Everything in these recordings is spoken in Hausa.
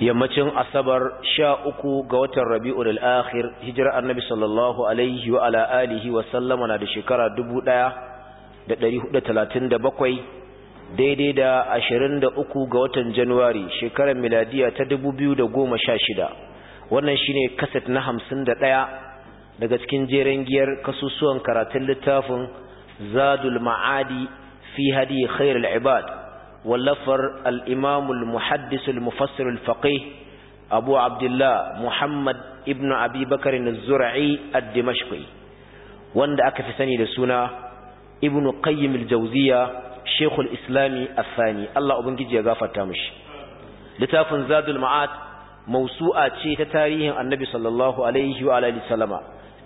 yammacin asabar sha uku ga watan Rabi'u al'akhir hijira annabi sallallahu alaihi wa ala alihi wa sallama na da shekara dubu ɗaya da dari hudu talatin da bakwai daidai da ashirin da uku ga watan januwari shekarar miladiya ta dubu biyu da goma sha shida wannan shine kaset na hamsin da ɗaya daga cikin jerin giyar kasusuwan karatun littafin zadul ma'adi fi hadi khairul ibad wallafar al'imamul muhaddisul mufassirul faƙih abu abdullah muhammad ibn abi bakarin zura'i ad-dimashqi wanda aka fi sani da suna ibn qayyim al-jawziya shaykhul islami athani Allah ubangiji ya fata mishi littafin zadul ma'ad mawsu'a ce ta tarihin annabi sallallahu alaihi wa alihi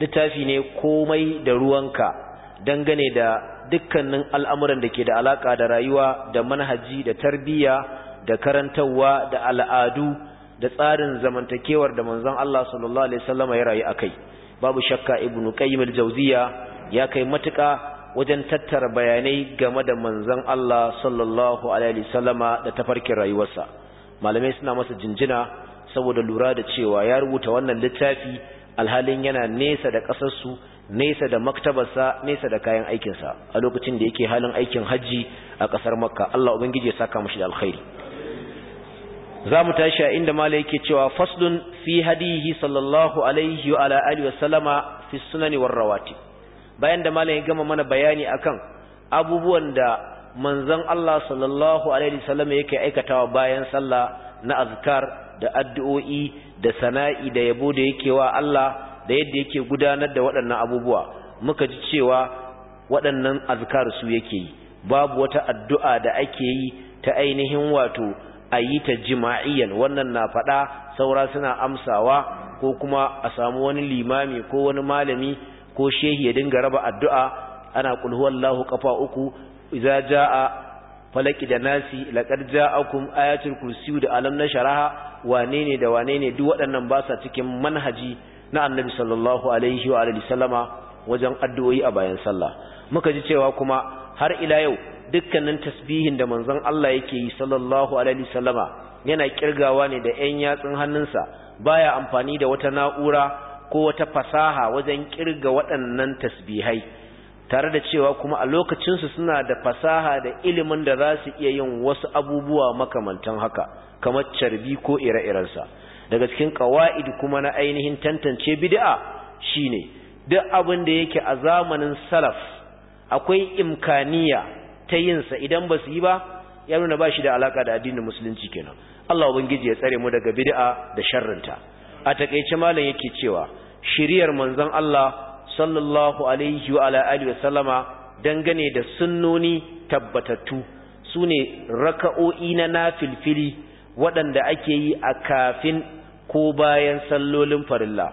littafi ne komai da ruwanka dangane da dukkanin al'amuran da ke da alaƙa da rayuwa da manhaji da tarbiyya da karantarwa da al'adu da tsarin zamantakewar da manzon Allah sallallahu alaihi wasallam ya rayu a kai, babu shakka Ibn qayyimul jauziya ya kai matuƙa wajen tattara bayanai game da manzon Allah sallallahu alaihi wasallama da tafarkin rayuwarsa malamai suna masa jinjina saboda lura da cewa ya rubuta wannan littafi alhalin yana nesa da ƙasarsu nesa da maktabarsa nesa da kayan aikinsa a lokacin da yake halin aikin hajji a ƙasar makka Allah ubangiji ya saka mashi da alkhairi za mu tashi a inda mala yake cewa faslun fi hadihi sallallahu alaihi wa ala alihi wa sallama fi sunani war rawati bayan da mala ya gama mana bayani akan abubuwan da manzon Allah sallallahu alaihi wa sallama yake aikatawa bayan sallah na azkar da addu'o'i da sana'i da yabo da yake wa Allah da yadda yake gudanar da waɗannan abubuwa muka ji cewa waɗannan azkar su yake yi babu wata addu'a da ake yi ta ainihin wato a yi ta jima'iyan wannan na faɗa saura suna amsawa ko kuma a samu wani limami ko wani malami ko shehi ya dinga raba addu'a ana kulhuwallahu kafa uku idza ja'a falaki da nasi laqad ja'akum ayatul kursiyu da alam na sharaha wane da wane duk waɗannan ba sa cikin manhaji na annabi sallallahu alaihi wa alihi sallama wajen addu'o'i a bayan sallah muka ji cewa kuma har ila yau dukkanin tasbihin da manzon Allah yake yi sallallahu alaihi sallama yana kirgawa ne da ƴan yatsun hannunsa baya amfani da wata na'ura ko wata fasaha wajen kirga waɗannan tasbihai tare da cewa kuma a lokacinsu suna da fasaha da ilimin da za su iya yin wasu abubuwa makamantan haka kamar carbi ko ire-irensa daga cikin kawaid kuma na ainihin tantance bid'a shine duk abin da yake a zamanin salaf akwai imkaniya ta yin sa idan ba su yi ba ya nuna ba shi da alaka da addinin musulunci kenan Allah ubangiji ya tsare mu daga bid'a da sharrinta a takeice malam yake cewa shiriyar manzon Allah sallallahu alaihi wa ala alihi wa sallama dangane da sunnoni tabbatattu sune raka'o'i na nafilfili waɗanda ake yi a kafin ko bayan sallolin farilla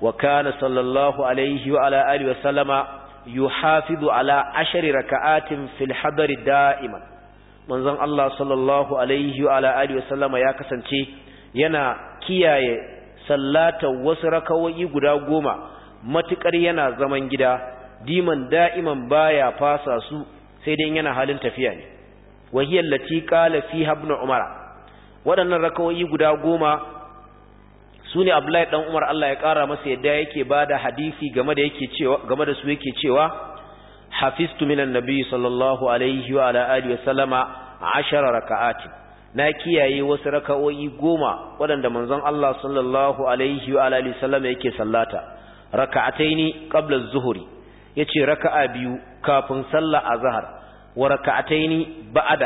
wa kana sallallahu alaihi wa ala alihi wa sallama yuhafizu ala ashri raka'atin fil hadari da'iman manzon Allah sallallahu alaihi wa ala alihi wa sallama ya kasance yana kiyaye sallata wasu rakawoyi guda goma matukar yana zaman gida diman da'iman baya fasa su sai dai yana halin tafiya ne wahiyar lati qala fi ibn umara waɗannan rakawoyi guda goma su ne abdullahi dan umar Allah ya kara masa yadda yake ba da hadisi game da su yake cewa hafiztu minan nabi sallallahu alaihi wa ala'adu wa salama a raka'ati na kiyaye wasu raka'o'i goma waɗanda manzon Allah sallallahu alaihi wa ala'adu wa sallama yake sallata raka'ataini ƙabla zuhuri zuhri yace raka'a biyu kafin a zahar, wa raka'ataini ba'a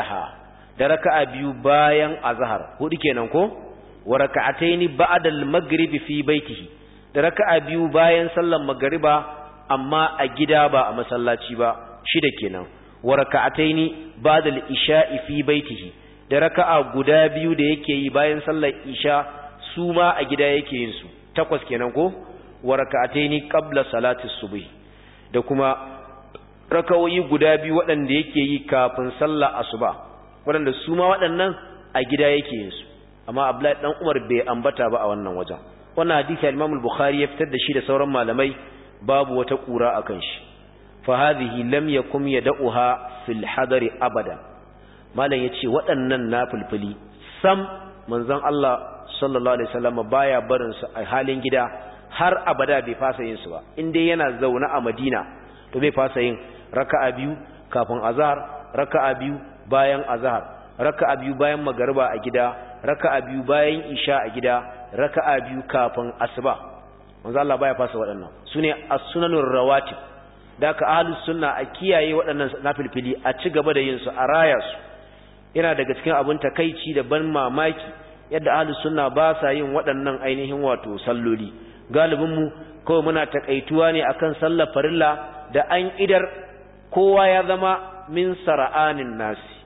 da raka'a biyu bayan zahar hudu kenan ko wa raka'ataini ba'da al-maghrib fi baitihi da raka'a biyu bayan sallar magriba amma a gida ba a masallaci ba shida kenan wa raka'ataini ba'da al-isha'i fi baitihi da raka'a guda biyu da yake yi bayan sallar isha su ma a gida yake yin su takwas kenan ko wa raka'ataini qabla salati subh da kuma raka'oi guda biyu waɗanda yake yi kafin sallar asuba waɗanda su ma waɗannan a gida yake yin su amma Abdullahi dan Umar bai ambata ba a wannan wajen wannan hadisi Imam al-Bukhari ya fitar da shi da sauran malamai babu wata kura akan shi fa hadhihi lam yakum yad'uha fil hadari abada malam yace waɗannan nafulfuli sam manzon Allah sallallahu alaihi wasallam baya barin su a halin gida har abada bai fasa yin su ba in dai yana zaune a Madina to bai fasa yin raka'a biyu kafin azhar raka'a biyu bayan azhar raka'a biyu bayan magariba a gida raka'a biyu bayan isha a gida raka'a biyu kafin asuba manzo Allah baya fasa waɗannan sune as-sunanur rawatib da ka ahlus sunna a kiyaye waɗannan nafilfili a ci gaba da yin su a raya su yana daga cikin abin takaici da ban mamaki yadda ahlus sunna ba sa yin waɗannan ainihin wato salloli galibin mu kawai muna takaituwa ne akan sallar farilla da an idar kowa ya zama min sara'anin nasi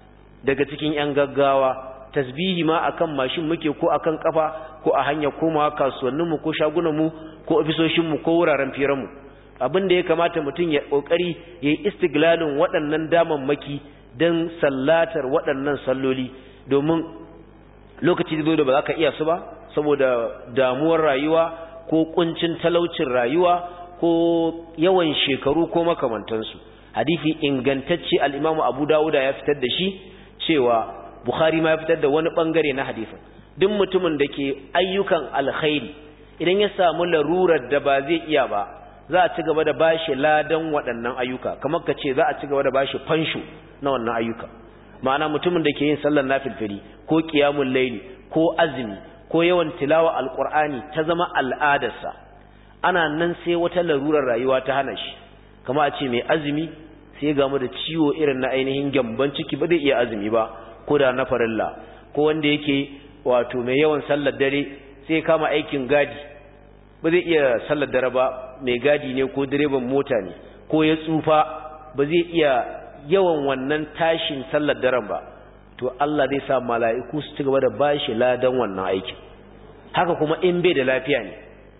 daga cikin yan gaggawa tasbihi ma akan mashin muke ko akan kafa ko a hanya komawa kasuwannin mu ko shagunan mu ko ofisoshin mu ko wuraren firan mu abin da ya kamata mutum ya kokari yayi istiglalin waɗannan damammaki dan sallatar waɗannan salloli domin lokaci zai da ba za ka iya su ba saboda damuwar rayuwa ko kuncin talaucin rayuwa ko yawan shekaru ko makamantansu hadisi ingantacce al-Imam Abu Dawud ya fitar da shi cewa bukhari ma ya fitar da wani bangare na hadisin duk mutumin da ke ayyukan alkhairi idan ya samu larurar da ba zai iya ba za a ci gaba da bashi ladan waɗannan ayyuka kamar ka ce za a ci gaba da bashi fansho na wannan ayyuka ma'ana mutumin da ke yin sallar nafilfili ko kiyamun laili ko azumi ko yawan tilawa alqur'ani ta zama al'adarsa ana nan sai wata larurar rayuwa ta hana shi kamar a ce mai azumi sai ya gamu da ciwo irin na ainihin gyamban ciki ba zai iya azumi ba ko na farilla ko wanda yake wato mai yawan sallar dare sai kama aikin gadi ba zai iya sallar dare ba mai gadi ne ko direban mota ne ko ya tsufa ba zai iya yawan wannan tashin sallar daren ba to Allah zai sa mala'iku su ci gaba da bashi ladan wannan aikin haka kuma in bai da lafiya ne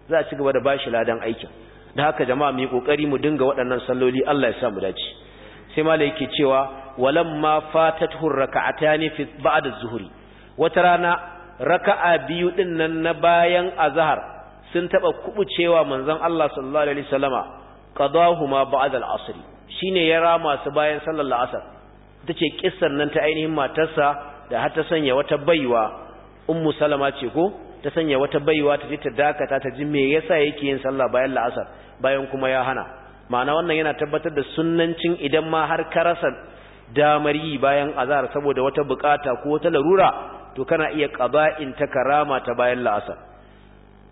za a ci gaba da bashi ladan aikin da haka jama'a mu yi kokari mu dinga waɗannan salloli Allah ya sa mu dace sai malai yake cewa walamma fatathu raka'atani fi ba'da az-zuhri wata rana raka'a biyu din nan na bayan azhar sun taba kubucewa manzon Allah sallallahu alaihi wasallama qadahuma ba'da al-asr shine ya rama su bayan sallar asar tace kissan nan ta ainihin matarsa da har ta sanya wata baiwa ummu salama ce ko ta sanya wata baiwa ta je ta dakata ta ji me yasa yake yin sallah bayan la'asar bayan kuma ya hana ma'ana wannan yana tabbatar da sunnancin idan ma har ka rasa damar yi bayan azar saboda wata bukata ko wata larura to kana iya qaba'in ta karama ta bayan la'asar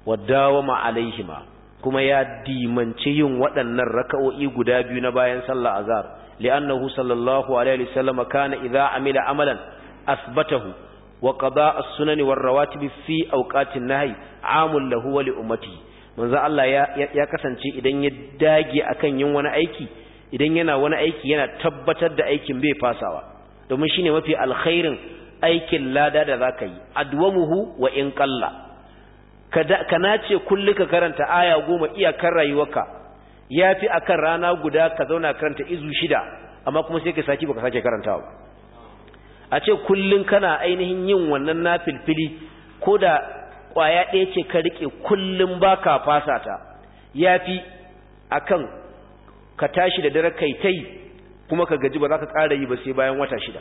wadawama alaihima kuma ya dimanci yin waɗannan raka'o'i guda biyu na bayan sallah azhar li'annahu sallallahu alaihi wasallam kana idza amila amalan asbatahu wa qada as-sunan war rawatib fi awqatin nahy amul lahu wa li ummati manzo Allah ya kasance idan ya dage akan yin wani aiki idan yana wani aiki yana tabbatar da aikin bai fasawa domin shine mafi alkhairin aikin lada da zaka yi adwamuhu wa in qalla ka nace kulli ka karanta aya goma iyakar rayuwarka yafi akan rana guda ka zauna karanta izu shida amma kuma sai ka saki baka sake karantawa a ce kullun kana ainihin yin wannan nafilfili ko da kwaya ɗaya ce ka rike kullun baka fasata yafi akan ka tashi da dare kai tai kuma ka gaji ba za ka kara yi ba sai bayan wata shida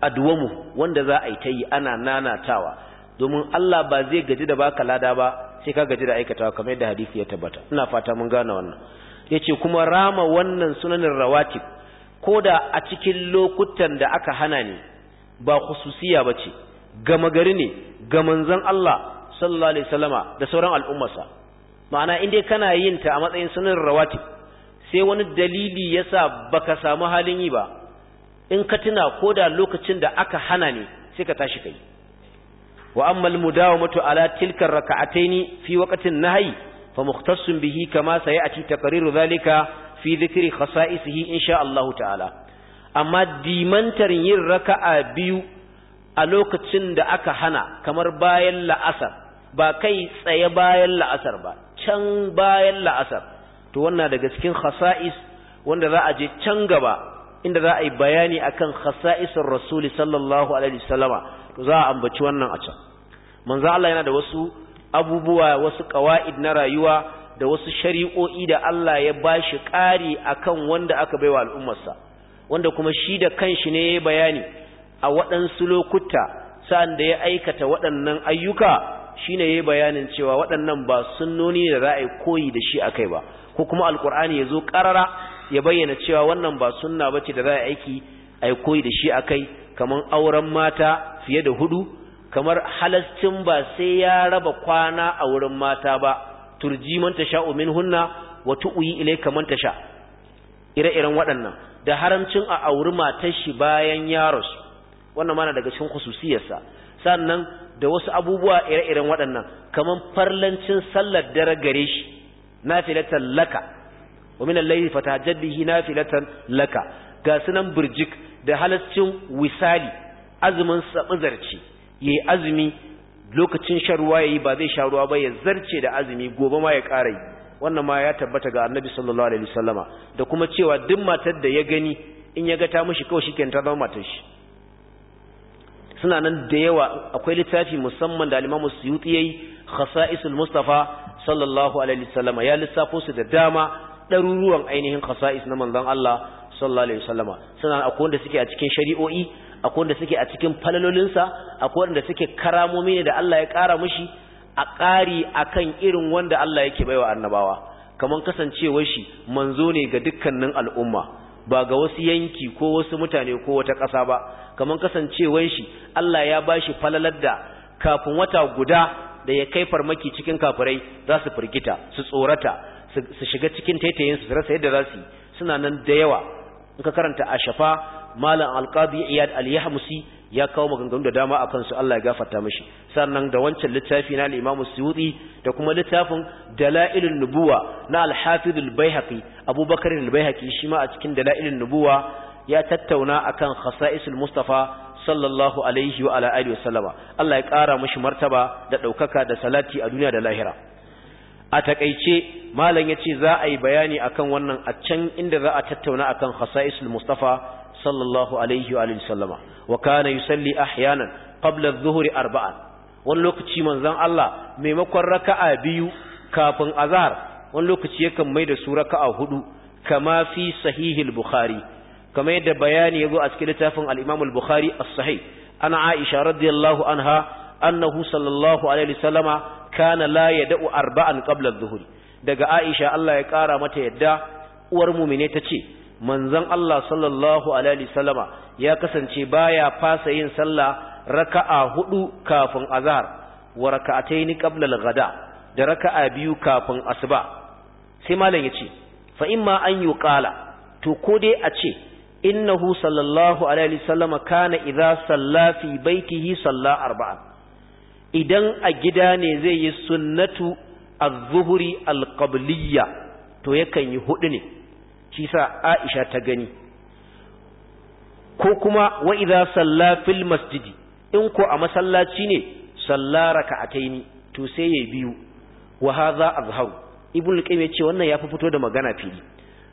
adwamu wanda za a yi ta yi ana nanatawa domin Allah ba zai gaji da baka lada ba sai ka gaji da aikata kamar yadda hadisi ya tabbata ina fata mun gane wannan yace kuma rama wannan sunanin rawatib da a cikin lokutan da aka hana ne ba khususiya ce. gama gari ne ga manzon Allah sallallahu alaihi wasallama da sauran al'ummarsa ma'ana indai kana yin ta a matsayin sunanin rawatib sai wani dalili yasa baka samu halin yi ba in ka tuna ko da lokacin da aka hana ne sai ka tashi kai wa amma almudawamatu ala tilkar rak'ataini fi waqtin nahyi fa mukhtassun bihi kama sayati taqriru dhalika fi dhikri khasa'isihi insha Allah ta'ala amma dimantar yin raka'a biyu a lokacin da aka hana kamar bayan la'asar ba kai tsaye bayan la'asar ba can bayan la'asar to wannan daga cikin khasa'is wanda za a je can gaba inda za a yi bayani akan khasa'isar rasuli sallallahu alaihi wasallama to za a ambaci wannan a can manzo Allah yana da wasu abubuwa wasu qawaid na rayuwa da wasu shari'o'i da Allah ya bashi ƙari akan wanda aka baiwa al'ummarsa wanda kuma shi da kanshi ne ya bayani a waɗansu lokuta sa'an da ya aikata waɗannan ayyuka shine yi bayanin cewa waɗannan ba noni da za a koyi da shi akai ba ko kuma ya zo ƙarara ya bayyana cewa wannan ba sunna ce da za a aiki ai koyi da shi akai kamar auren mata fiye da hudu kamar halascin ba sai ya raba kwana a wurin mata ba turji man Umin hunna wa tu'yi ilayka man sha ire-iren waɗannan da haramcin a auri matar shi bayan yaros wannan mana daga cikin khususiyarsa sannan da wasu abubuwa ire-iren waɗannan kamar farlancin sallar dare gare shi na filatan laka wa min fata layli fatahajjad bihi laka ga sunan birjik da halaccin wisali azumin ya yi azumi lokacin sharuwa ya yi ba zai sha ruwa ba ya zarce da azumi gobe ma ya ƙara yi wannan ma ya tabbata ga annabi sallallahu alaihi wasallama da kuma cewa duk matar da ya gani in ya ga ta mishi kawai shi ta zama matar shi suna nan da yawa akwai littafi musamman da alimamu yi yayi khasa'isul mustafa sallallahu alaihi wasallama ya lissafo su da dama ɗaruruwan ainihin khasa'is na manzan Allah sallallahu alaihi wasallama suna akwai wanda suke a cikin shari'o'i akwai wanda suke a cikin falalolinsa akwai wanda suke karamomi ne da Allah ya ƙara mushi a ƙari akan irin wanda Allah yake baiwa annabawa kamar kasancewar shi manzo ne ga dukkanin al'umma ba ga wasu yanki ko wasu mutane ko wata ƙasa ba kamar kasancewar shi Allah ya bashi falalar da kafin wata guda da ya kai farmaki cikin kafirai za su firgita su tsorata su shiga cikin taitayin su rasa yadda za su suna nan da yawa in ka karanta a shafa malam alqadi iyad al-yahmusi ya kawo maganganu da dama a kansu Allah ya gafarta mashi sannan da wancan littafi na al-Imam Suyuti da kuma littafin Dalailun Nubuwa na al-Hafiz al-Baihaqi Abubakar al-Baihaqi shi ma a cikin Dalailun Nubuwa ya tattauna akan khasa'isul Mustafa sallallahu alaihi wa ala alihi wasallama Allah ya kara mashi martaba da daukaka da salati a duniya da lahira a takeice malam yace za a yi bayani akan wannan a can inda za a tattauna akan khasa'isul Mustafa sallallahu alaihi wa sallama wa kana yusalli ahyanan qabla adh arba'an wani lokaci manzon Allah maimakon raka'a biyu kafin azahar wani lokaci yakan mai da su raka'a hudu kama fi sahihil bukhari kama yadda bayani yazo a cikin littafin al-imam al-bukhari as-sahih ana aisha radiyallahu anha annahu sallallahu alaihi wasallama kana la yad'u arba'an qabla adh daga aisha Allah ya kara mata yadda uwar ta ce. manzon Allah sallallahu alaihi wasallama ya kasance baya fasa yin sallah raka'a hudu kafin azhar wa raka'atayn qabla al-ghada da raka'a biyu kafin asuba sai malam yace fa ma an yuqala to ko dai a ce innahu sallallahu alaihi wasallama kana idza salla fi baitihi salla arba'a idan a gida ne zai yi sunnatu az-zuhri al-qabliyya to yakan yi hudu ne shi sa Aisha ta gani ko kuma wa idza salla fil masjidi in ko a masallaci ne salla raka'ataini to sai yayi biyu wa hadha azhar ibnu qayyim ce wannan yafi fito da magana fili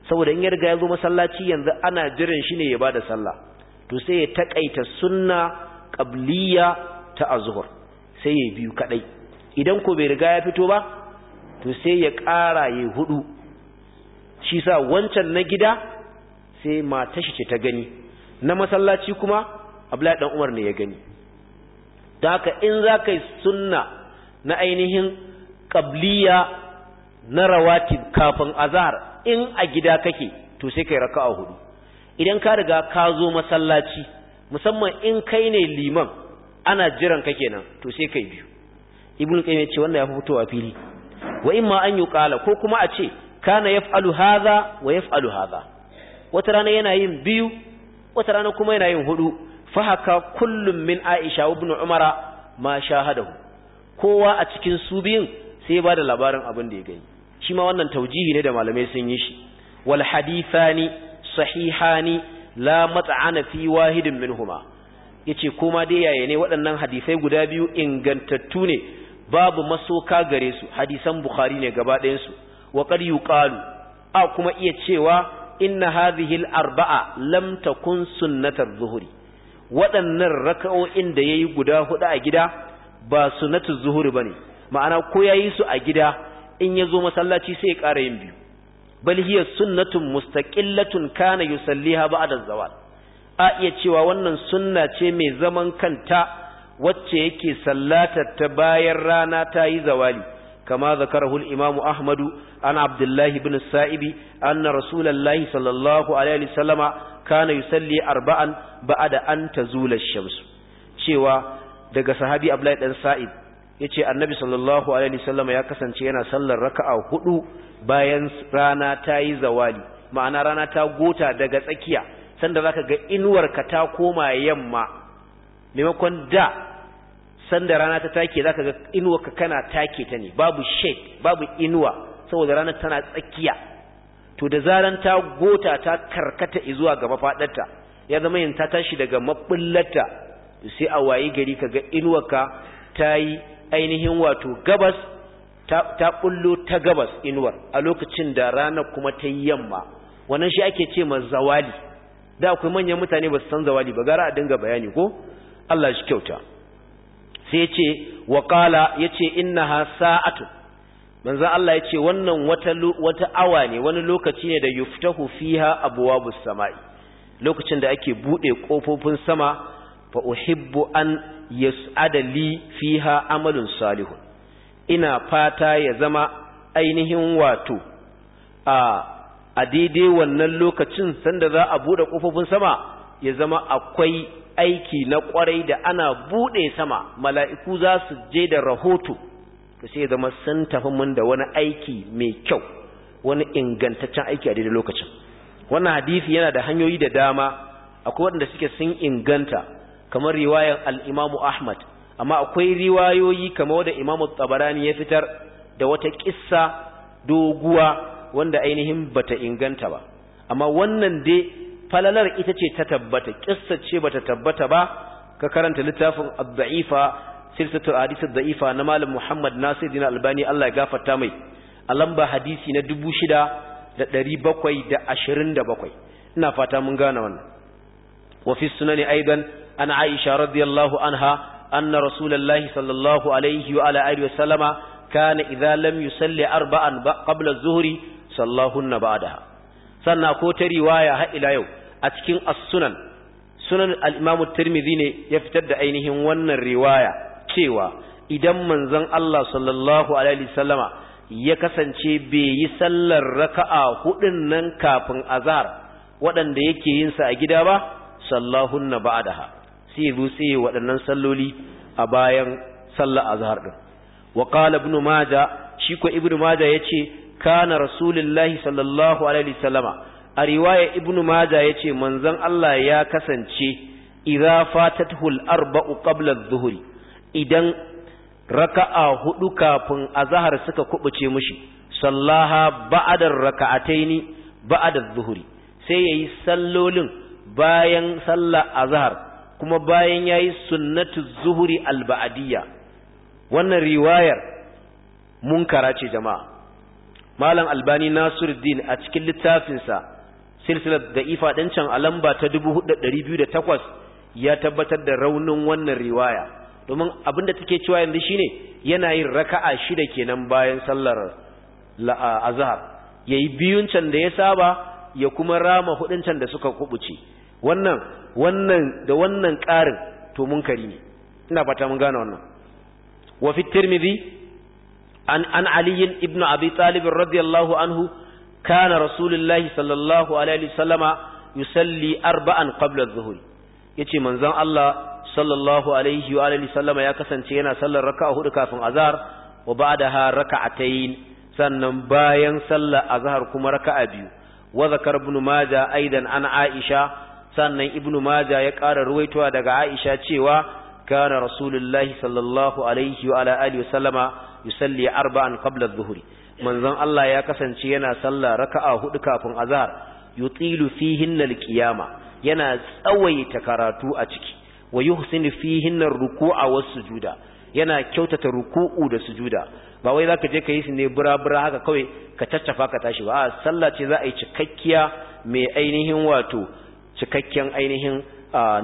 saboda in ya riga ya zo masallaci yanzu ana jiran shi ne ya bada sallah to sai ya takaita sunna qabliya ta Azuhur sai yayi biyu kadai idan ko bai riga ya fito ba to sai ya ƙara yayi hudu shi sa wancan na gida sai matashi shi ce ta gani na masallaci kuma abla dan umar ne ya gani da haka in za ka yi sunna na ainihin qabliya na rawatib kafin azhar in a gida kake to sai kai raka'a hudu idan ka riga ka zo masallaci musamman in kai ne liman ana jiran ka kenan to sai kai biyu ibnu qayyim ya ce wannan ya fi fitowa fili wa imma an yuqala ko kuma a ce kana yaf'alu hadha wa yaf'alu hadha wata rana yana yin biyu wata rana kuma yana yin hudu fa haka kullum min Aisha ibn Umara ma shahadahu kowa a cikin su biyun sai ba da labarin abin da ya gani shi ma wannan taujihi ne da malamai sun yi shi wal hadithani sahihani la mat'ana fi wahidin minhuma yace kuma dai yaya ne waɗannan hadisai guda biyu ingantattu ne babu masoka gare su hadisan bukhari ne gaba ɗayan wa qad a kuma iya cewa inna hadhihi hil arbaa lam takun sunnatar zuhuri, waɗannan raka'o'in da yayi guda hudu a gida ba sunnatul ba ne, ma'ana ko yayi su a gida in ya zo masallaci sai ya ƙara yin biyu bal hiya sunnatun mustaqillatun kana yusalliha ba'da zawal a iya cewa wannan sunna ce mai zaman kanta wacce yake sallatar ta bayan rana ta yi zawali kama zakarahu Hul, imamu ahmadu عن عبد الله بن السائب أن رسول الله صلى الله عليه وسلم كان يصلي أربعا بعد أن تزول الشمس شوى daga sahabi Abdullahi dan Sa'id yace Annabi sallallahu alaihi wasallam ya kasance yana sallar raka'a hudu bayan rana ta yi zawali ma'ana rana ta gota daga tsakiya sanda zaka ga inuwar ka ta koma yamma maimakon da sanda rana ta take zaka ga inuwar ka kana take ta ne babu shade babu inuwa saboda ranar tana tsakiya to da zaran ta gota ta karkata zuwa gaba fadarta ya zama yin ta tashi daga mabullarta sai a wayi gari kaga inuwarka ta yi ainihin wato gabas ta bullo ta gabas inuwar a lokacin da ranar kuma ta yi yamma wannan shi ake ce ma zawali da akwai manyan mutane ba su san zawali ba gara a dinga bayani ko Allah shi kyauta sai ya ce wa qala inna innaha sa'atun manzo Allah ya ce wannan wata wata awa ne wani lokaci ne da yuftahu fiha abwabus samai lokacin da ake bude kofofin sama fa uhibbu an yas'ada li fiha amalun salihun ina fata ya zama ainihin wato a a daidai wannan lokacin sanda za a bude kofofin sama ya zama akwai aiki na kwarai da ana bude sama mala'iku za su je da rahoto to sai zama sun tafi mun da wani aiki mai kyau wani ingantaccen aiki a daidai lokacin wannan hadisi yana da hanyoyi da dama akwai waɗanda suke sun inganta kamar riwayar al-Imam Ahmad amma akwai riwayoyi kamar wanda Imam Tsabarani ya fitar da wata kissa doguwa wanda ainihin bata inganta ba amma wannan dai falalar ita ce ta tabbata kissa ce bata tabbata ba ka karanta littafin ad silsilatul hadith da'ifa na malam Muhammad Nasiruddin Albani Allah ya gafarta mai a lamba hadisi na 6727 ina fata mun gane wannan wa fi sunani aidan an Aisha radiyallahu anha anna rasulullahi sallallahu alaihi wa ala alihi wa sallama kana idza lam yusalli arba'an ba qabla az-zuhri sallahunna ba'daha sannan ko ta riwaya har ila yau a cikin as-sunan sunan al-imamu tirmidhi ne ya fitar da ainihin wannan riwaya cewa idan manzon Allah sallallahu alaihi wasallama ya kasance bai yi sallar raka'a hudun nan kafin azhar waɗanda yake yin sa a gida ba sallahunna ba'daha sai rutse waɗannan salloli a bayan sallar azhar din wa qala ibnu majah shi ko ibnu majah yace kana rasulullahi sallallahu alaihi wasallama a riwaya ibn majah yace manzon Allah ya kasance idza fatatuhul arba'u qabla adh-dhuhri idan raka'a hudu kafin azahar suka kubuce mushi sallaha ba'da raka'ataini ba'da zuhuri sai yayi sallolin bayan sallah azahar, kuma bayan yayi sunnatu zuhuri alba'diyya wannan riwayar munkara ce jama'a malam albani nasiruddin a cikin littafinsa silsilar da ifa can a lamba ta 4208 ya tabbatar da raunin wannan riwaya domin abin da take cewa yanzu shine yana yin raka'a shida kenan bayan sallar azhar yayi biyun can da ya saba ya kuma rama hudun can da suka kubuce wannan wannan da wannan karin to mun kari ne ina fata mun gane wannan wa fi tirmidhi an an ali ibn abi talib radiyallahu anhu kana rasulullahi sallallahu alaihi wasallama yusalli arba'an qabla adh-dhuhr yace manzon Allah sallallahu alaihi wa alihi sallama ya kasance yana sallar raka'a hudu kafin azhar wa ba'daha raka'atayn sannan bayan sallar azhar kuma raka'a biyu wa zakar ibn majah aidan an aisha sannan ibn majah ya ƙara ruwaitowa daga aisha cewa kana rasulullahi sallallahu alaihi wa ala alihi sallama yusalli arba'an qabla adh-dhuhri manzon Allah ya kasance yana sallar raka'a hudu kafin azhar yutilu fihinna al-qiyama yana tsawaita karatu a ciki wa yuhsinu fihinna ruku'a was sujuda yana kyautata ruku'u da sujuda ba wai zaka je ka yi su ne burabura haka kawai ka caccafa ka tashi ba a sallah ce za a yi cikakkiya mai ainihin wato cikakken ainihin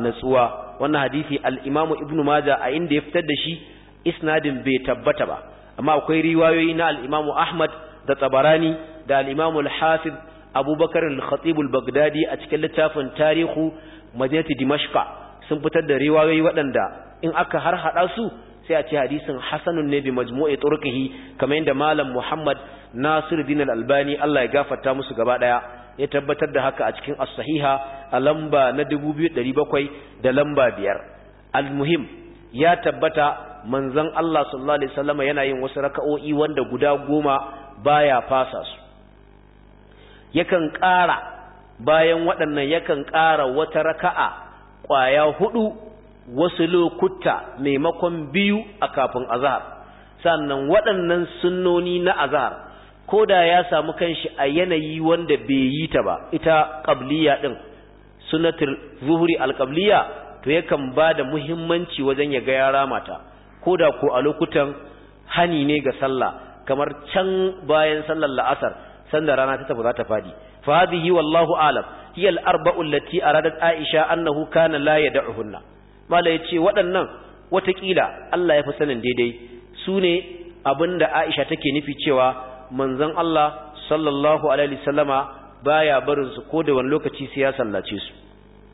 natsuwa wannan hadisi al-Imam Ibn Majah a inda ya fitar da shi isnadin bai tabbata ba amma akwai riwayoyi na al-Imam Ahmad da Tabarani da al-Imam al-Hafiz Abubakar al-Khatib al-Baghdadi a cikin littafin Tarihu Madinati Dimashqa sun fitar da riwayoyi waɗanda in aka har haɗa su sai a ce hadisin hasanun ne bi majmu'i turkihi kamar yadda malam Muhammad Nasiru Al-Albani Allah ya gafarta musu gaba daya ya tabbatar da haka a cikin as-sahiha a lamba na 2700 da lamba biyar. al-muhim ya tabbata manzon Allah sallallahu alaihi wasallam yana yin wasu raka'o'i wanda guda goma baya fasa su yakan ƙara bayan waɗannan yakan ƙara wata raka'a ƙwaya hudu wasu lokuta maimakon biyu a kafin azahar sannan waɗannan sunnoni na azahar ko da ya samu kanshi a yanayi wanda bai yi ta ba ita ƙabliya ɗin sunatar zuhuri alƙabliya to yakan ba da muhimmanci wajen ya ga yara mata ko da ko a lokutan hani ne ga sallah kamar can bayan sallar la'asar sanda rana ta tafi za ta fadi fa hadhihi wallahu alam hiya al-arba'u allati aradat Aisha annahu kana la yad'uhunna mala yace waɗannan watakila Allah ya fi sanin daidai su ne abinda Aisha take nufi cewa manzon Allah sallallahu alaihi wasallama baya barin su ko da wani lokaci sai ya sallace su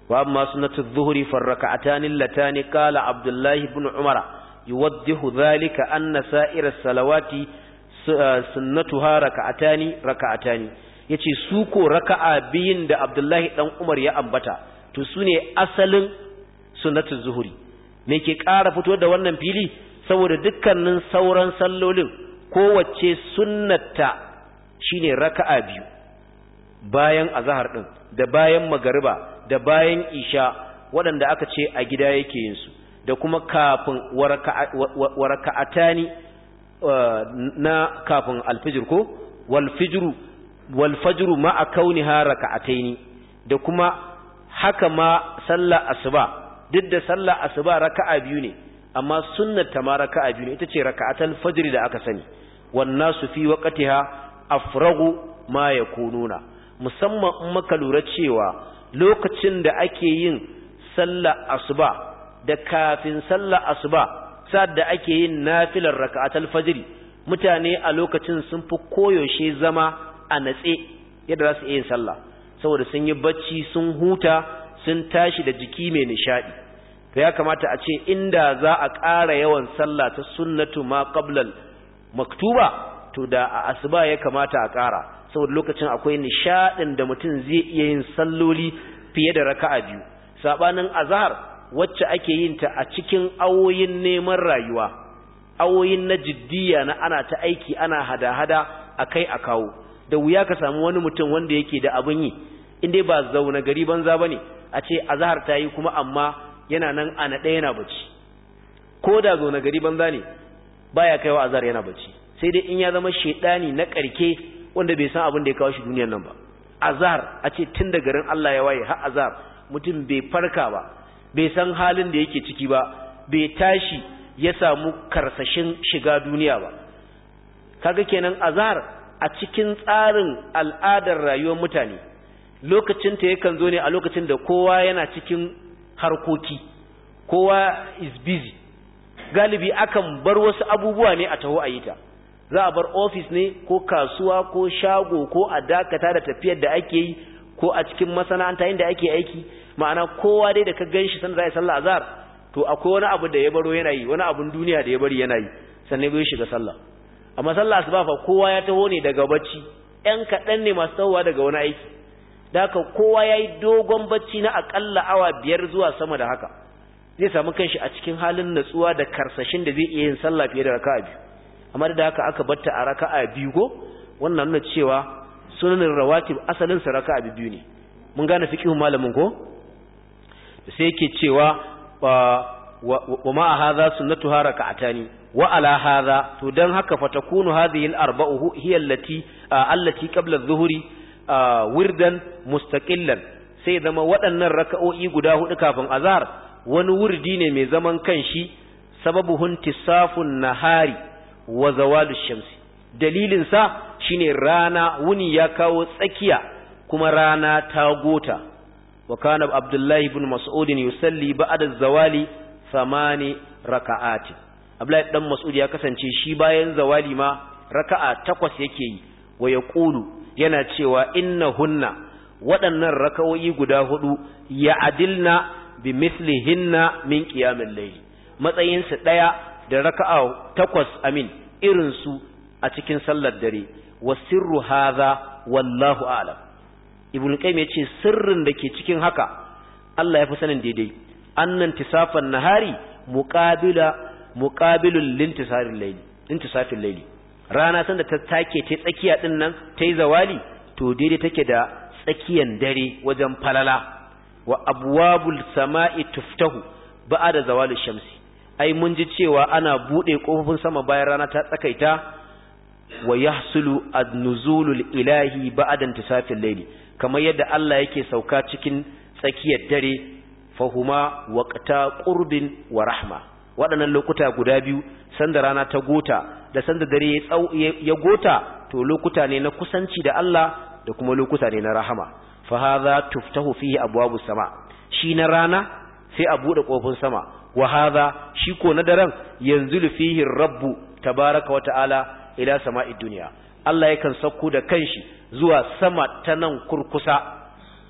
wa amma sunnatu adh-dhuhri farraka'atan allatani qala Abdullah ibn Umar yuwaddihu dhalika anna sa'ira as-salawati sunnatuha raka'atani raka'atani ya ce su ko raka'a biyun da Abdullahi dan Umar ya ambata to su ne asalin sunatun zuhuri me ke ƙara fito da wannan fili saboda dukkanin sauran sallolin kowace sunnata shine raka'a biyu bayan azahar din da bayan magariba da bayan isha waɗanda aka ce a gida yake yin su da kuma kafin waraka'atani uh, na kafin alfijir ko walfijiru. wal fajr ma'a kauniha raka'ataini da kuma haka ma sallah asuba duk da sallah asuba raka'a biyu ne amma sunnar ta ma raka'a biyu ne ita ce raka'atan fajiri da aka sani wan nasu fi waqtiha afragu ma yakununa musamman in maka lura cewa lokacin da ake yin sallah asuba da kafin sallah asuba sa'ad da ake yin nafilar raka'atul fajiri mutane a lokacin sun fi koyaushe zama a natse yadda za su iya yin sallah saboda sun yi bacci sun huta sun tashi da jiki mai nishadi to ya kamata a ce inda za a ƙara yawan sallah ta sunnatu ma qablal maktuba to da a asuba ya kamata a ƙara saboda lokacin akwai nishadin da mutum zai iya yin salloli fiye da raka'a biyu sabanin azhar wacce ake yin ta a cikin awoyin neman rayuwa awoyin na jiddiya na ana ta aiki ana hada-hada a kai a kawo da wuya ka samu wani mutum wanda yake da abin yi in dai ba zauna gari banza bane a ce azhar ta yi kuma amma yana nan a ɗaya yana bacci ko da zauna gari banza ne baya kaiwa azhar yana bacci sai dai in ya zama shedani na karke wanda bai san abin da ya kawo shi duniyar nan ba azhar a ce tun da garin Allah ya waye har azhar mutum bai farka ba bai san halin da yake ciki ba bai tashi ya samu karsashin shiga duniya ba kaga kenan azhar a cikin tsarin al'adar rayuwar mutane lokacinta yakan zo ne a lokacin da kowa yana cikin harkoki kowa is busy galibi akan bar wasu abubuwa ne a taho a yi ta za a bar ofis ne ko kasuwa ko shago ko a dakata da tafiyar da ake yi ko a cikin masana'anta inda ake aiki ma'ana kowa dai da ka gan shi sanda za a yi sallah azhar to akwai wani abu da ya baro yana yi wani abun duniya da ya bari yana yi sannan bai shiga sallah a sallar asuba fa kowa ya taho ne daga bacci ɗan kaɗan ne masu tahowa daga wani aiki da haka kowa ya yi dogon bacci na aƙalla awa biyar zuwa sama da haka zai samu kanshi a cikin halin natsuwa da karsashin da zai iya yin sallah fiye da raka'a biyu amma da haka aka batta a raka'a biyu ko wannan nuna cewa sunanin rawatib asalin sa raka'a biyu ne mun gane fiqihun malamin ko sai yake cewa wa ma hadha sunnatuha raka'atani wa ala hadha to dan haka fa takunu hadhihi al-arba'u hiya allati allati qabla adh-dhuhri wirdan mustaqillan sai zama waɗannan raka'o'i guda hudu kafin a azhar wani wurdi ne mai zaman kanshi sababuhun tisafun nahari wa zawalu shamsi dalilin sa shine rana wuni ya kawo tsakiya kuma rana ta gota wa kana abdullahi ibn mas'ud yusalli ba'da da zawali samani raka'ati Abdullahi dan Mas'ud ya kasance shi bayan zawali ma raka'a takwas yake yi wa ya yaqulu yana cewa innahunna waɗannan raka'o'i guda hudu ya adilna bi mislihinna min qiyamil layl matsayin su daya da raka'a takwas amin irin su a cikin sallar dare wa sirru hadha wallahu a'lam ibnu qayyim yace sirrin da ke cikin haka Allah ya fi sanin daidai annan tisafan nahari muqabila muqabilul lintisaril layli intisafil layli rana sanda ta take ta tsakiya din nan ta yi zawali to daidai take da tsakiyan dare wajen falala wa abwabul sama'i tuftahu ba'da zawalil shamsi ai mun ji cewa ana bude kofofin sama bayan rana ta tsakaita wa yahsulu a nuzulul ilahi ba'da intisafil layli kamar yadda Allah yake sauka cikin tsakiyar dare fahuma waqta qurbin wa rahma waɗannan lokuta guda biyu sanda rana ta gota da sanda dare ya gota to lokuta ne na kusanci da Allah da kuma lokuta ne na rahama fa hadha tuftahu fihi abwabu sama shi na rana sai a bude kofin sama wa hadha shi ko na daren yanzu fihi rabbu tabaraka wa ta'ala ila sama'id dunya Allah yakan sauko da kanshi zuwa sama ta nan kurkusa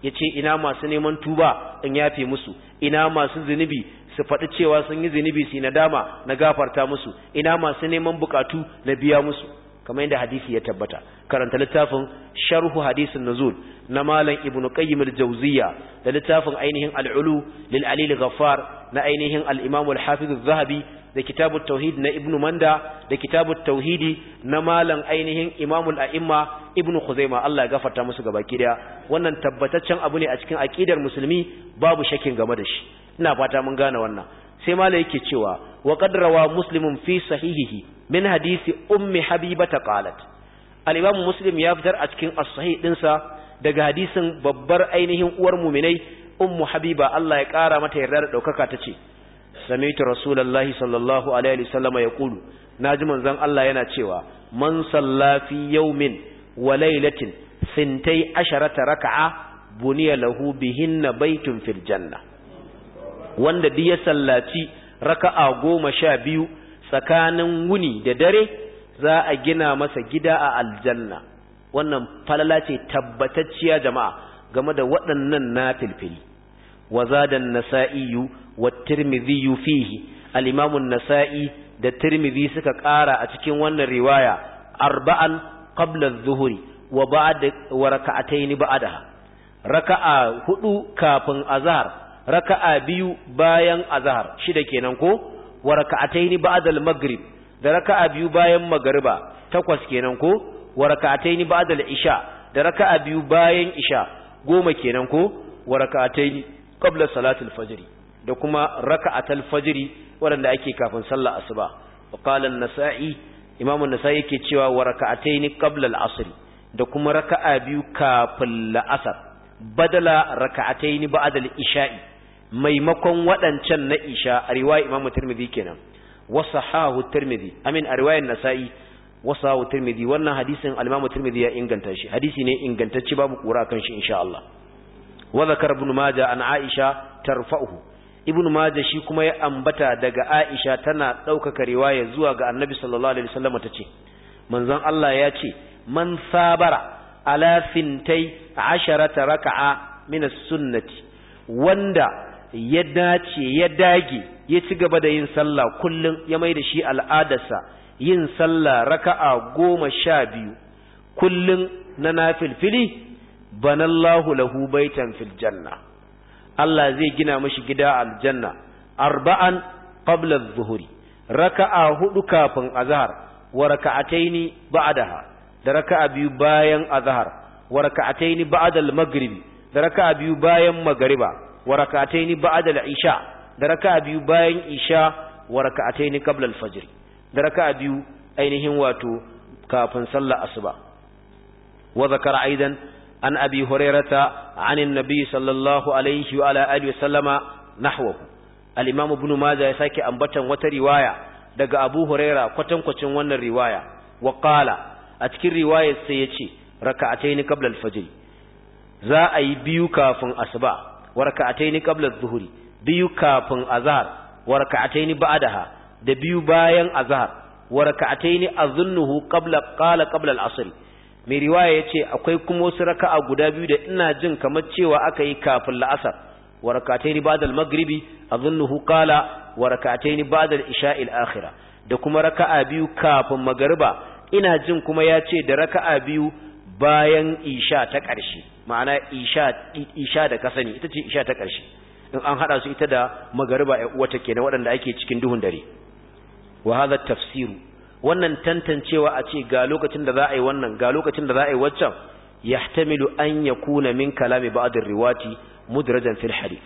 ya ce ina masu neman tuba in yafe musu ina masu zunubi su faɗi cewa sun yi zunubi su yi nadama na gafarta musu ina masu neman bukatu na biya musu kamar yadda hadisi ya tabbata karanta littafin sharhu hadisin nuzul na malam ibnu qayyim al-jawziyya da littafin ainihin al-ulu lil alil ghaffar na ainihin al-imam al-hafiz az-zahabi da kitabu tauhid na ibnu manda da kitabu tauhidi na malam ainihin imamul a'imma ibnu khuzaima Allah ya gafarta musu gabaki daya wannan tabbataccen abu ne a cikin aqidar musulmi babu shakin game da shi ina fata mun gane wannan sai mala yake cewa wa qad rawa muslimun fi sahihihi min hadisi ummi habibata qalat al-imam muslim ya fitar a cikin as-sahih dinsa daga hadisin babbar ainihin uwar muminai ummu habiba Allah ya kara mata yarda da daukaka tace sami'tu rasulullahi sallallahu alaihi wasallam yaqulu naji manzon Allah yana cewa man salla fi yawmin wa laylatin sintai asharata raka'a buniya lahu bihinna bai fil janna wanda duk ya sallaci raka'a goma sha biyu tsakanin wuni da dare za a gina masa gida a aljanna wannan falala ce tabbatacciya jama'a game da waɗannan nafilfili wa zadan nasa'iyu wa tirmidhi fihi al nasai da tirmidhi suka ƙara a cikin wannan riwaya arba'an qabla adh wa ba'da wa raka'atayn raka'a hudu kafin azhar raka'a biyu bayan azhar shida kenan ko wa raka'atayn ba'da al-maghrib da raka'a biyu bayan magriba takwas kenan ko wa raka'atayn ba'da al-isha da raka'a biyu bayan isha goma kenan ko wa raka'atayn qabla salatul fajiri. da kuma raka'atul fajri waɗanda ake kafin sallar asuba wa qala an-nasa'i imamu an-nasa'i yake cewa wa raka'ataini qabla al-asr da kuma raka'a biyu kafin la'asar badala raka'ataini ba'da al-isha'i maimakon waɗancan na isha a riwaya imamu tirmidhi kenan wa sahahu tirmidhi amin a riwayar nasa'i wa sahahu tirmidhi wannan hadisin al-imamu tirmidhi ya inganta shi hadisi ne ingantacce babu kura kan shi insha Allah wa zakar ibn majah an aisha tarfa'uhu ibn majah shi kuma ya ambata daga aisha tana ɗaukaka riwaya zuwa ga annabi sallallahu alaihi wasallam ta ce manzon Allah ya ce man sabara ala sintai asharata raka'a min sunnati wanda ya dace ya dage ya ci gaba da yin sallah kullum ya mai da shi al'adarsa yin sallah raka'a goma sha biyu kullum na nafilfili banallahu lahu baitan fil janna Allah zai gina mashi gida aljanna arba'an qabla zuhuri dhuhri raka'a hudu kafin azhar wa raka'ataini ba'daha da raka'a biyu bayan azhar wa raka'ataini ba'da al-maghribi da raka'a biyu bayan magriba wa raka'ataini ba'da isha da raka'a biyu bayan isha wa raka'ataini qabla al-fajr da raka'a biyu ainihin wato kafin sallar asuba wa zakara aidan an abi hurairata anin nabi sallallahu alaihi wa ala alihi sallama nahwahu al-imam ya sake ambatan wata riwaya daga abu huraira kwatankwacin wannan riwaya wa a cikin riwayar sai yace raka'atayn qabla al-fajr za a yi biyu kafin asuba wa raka'atayn qabla adh-dhuhri biyu kafin azhar wa raka'atayn ba'adaha, da biyu bayan azahar, wa raka'atayn azunnuhu qabla qala qabla al-asr mai riwaya ya ce akwai kuma wasu raka'a guda biyu da ina jin kamar cewa aka yi kafin la'asar wa ni ba'dal a azunnuhu kala wa ni ba'dal isha'il akhira da kuma raka'a biyu kafin magariba ina jin kuma ya ce da raka'a biyu bayan isha ta ƙarshe ma'ana isha da kasani ita ce isha ta ƙarshe in an haɗa su ita da magariba ya uwata kenan waɗanda ake cikin duhun dare wa hadha tafsiru wannan tantancewa a ce ga lokacin da za a yi wannan ga lokacin da za a yi waccan yahtamilu an kuna min kalami ba'd riwati mudrajan firhari,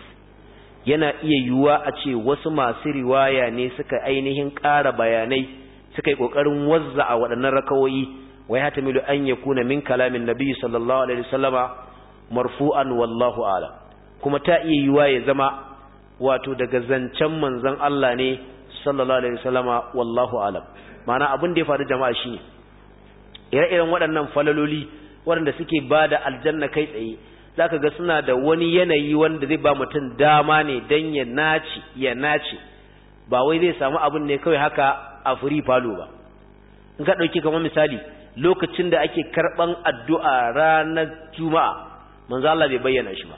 yana iya yiwuwa a ce wasu masu riwaya ne suka ainihin ƙara bayanai suka yi ƙoƙarin wazza a waɗannan rakawoyi wai hatamilu an kuna min kalamin nabi sallallahu alaihi wasallama marfu'an wallahu a'lam kuma ta iya yiwuwa ya zama wato daga zancen manzon Allah ne sallallahu alaihi wasallama wallahu a'lam ma'ana abin da ya faru jama'a shine ire-iren waɗannan falaloli waɗanda suke ba da aljanna kai tsaye za ka ga suna da wani yanayi wanda zai ba mutum dama ne don ya naci ya naci ba wai zai samu abin ne kawai haka a firi falo ba in ka ɗauki kamar misali lokacin da ake karɓan addu'a ranar juma'a manzo Allah bai bayyana shi ba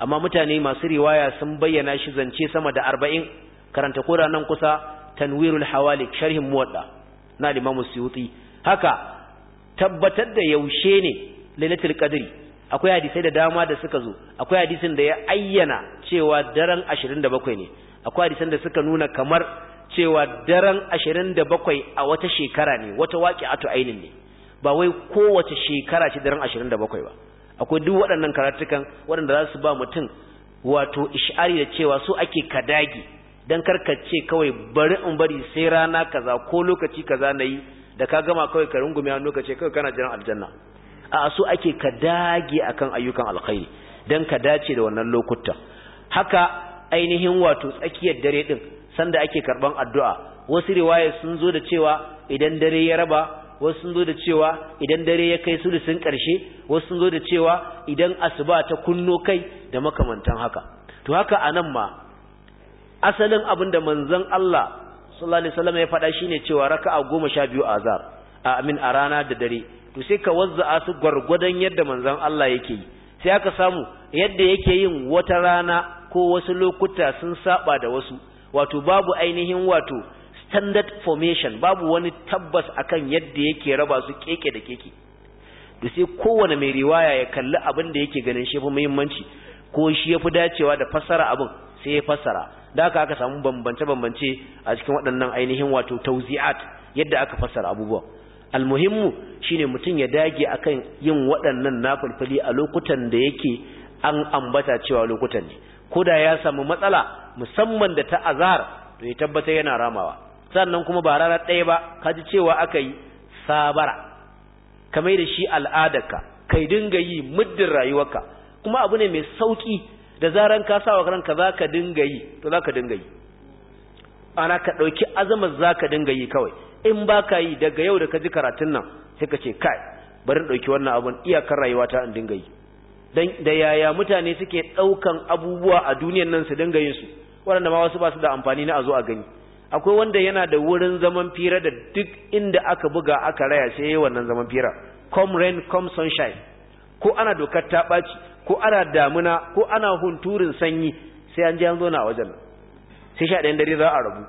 amma mutane masu riwaya sun bayyana shi zance sama da arba'in karanta ko nan kusa tanwirul hawalik sharhin muwadda na Imam Suyuti haka tabbatar da yaushe ne lailatul qadri akwai hadisai da dama da suka zo akwai hadisin da ya ayyana cewa daren 27 ne akwai hadisan da suka nuna kamar cewa daren 27 a wata shekara ne wata waqi'atu ainin ne ba wai kowace shekara ce daren 27 ba akwai duk waɗannan karatukan waɗanda za su ba mutum wato ish'ari da cewa su ake kadagi dan karkace kawai bari in bari sai rana kaza ko lokaci kaza nayi da ka gama kawai ka rungume a lokaci kawai kana jiran aljanna a su ake ka dage akan ayyukan alkhairi dan ka dace da wannan lokutan haka ainihin wato tsakiyar dare din sanda ake karban addu'a wasu riwaya sun zo da cewa idan dare ya raba wasu sun zo da cewa idan dare ya kai sun karshe wasu sun zo da cewa idan asuba ta kunno kai da makamantan haka to haka anan ma asalin abin da manzon Allah sallallahu alaihi wasallam ya faɗa shine cewa raka'a goma sha biyu a azar amin a rana da dare to sai ka wazza'a su gwargwadon yadda manzon Allah yake yi sai aka samu yadda yake yin wata rana ko wasu lokuta sun saba da wasu wato babu ainihin wato standard formation babu wani tabbas akan yadda yake raba su keke da keke da sai kowane mai riwaya ya kalli abin da yake ganin shi fi muhimmanci ko shi ya fi dacewa da fassara abin sai ya fassara da haka aka samu bambance-bambance a cikin waɗannan ainihin wato tauzi'at yadda aka fassara abubuwa almuhimmu shine mutum ya dage akan yin waɗannan nafulfuli a lokutan da yake an ambata cewa lokutan ne ko da ya samu matsala musamman da ta azhar to ya tabbata yana ramawa sannan kuma ba rana ɗaya ba ka ji cewa aka yi sabara kamar da shi al'adarka kai dinga yi muddin rayuwarka kuma abu ne mai sauki da zaran ka sa wa ranka za ka dinga yi to za ka dinga yi ana ka ɗauki azamar za ka dinga yi kawai in ba ka yi daga yau da ka ji karatun nan sai ka ce kai bari in ɗauki wannan abun iyakar rayuwa in dinga yi da yaya mutane suke ɗaukan abubuwa a duniyan nan su dinga yin su waɗanda ma wasu ba su da amfani na a zo a gani akwai wanda yana da wurin zaman fira da duk inda aka buga aka raya sai yi wannan zaman fira come rain come sunshine ko ana dokar ta ɓaci ko ana damuna ko ana hunturin sanyi sai an ji an zauna a wajen sai sha ɗayan dare za a rabu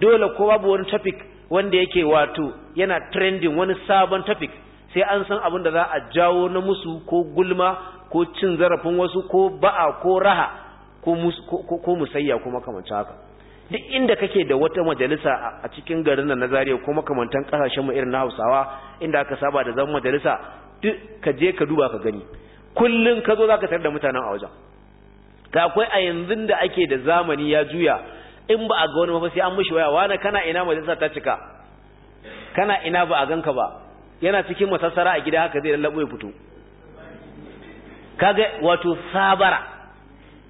dole ko babu wani topic wanda yake wato yana trending wani sabon topic sai an san abin da za a jawo na musu ko gulma ko cin zarafin wasu ko ba'a ko raha ko musayya ko makamancin haka duk inda kake da wata majalisa a cikin garin nan na Zaria ko makamantan kasashen mu irin na Hausawa inda aka saba da zaman majalisa duk ka je ka duba ka gani Kullum ka zo zaka tarar da mutanen a wajen ta akwai a yanzu da ake da zamani ya juya in ba a ga wani ba sai an mushi waya wani kana ina majalisa ta cika kana ina ba a ganka ba yana cikin masassara a gida haka zai lallabo ya fito kaga wato sabara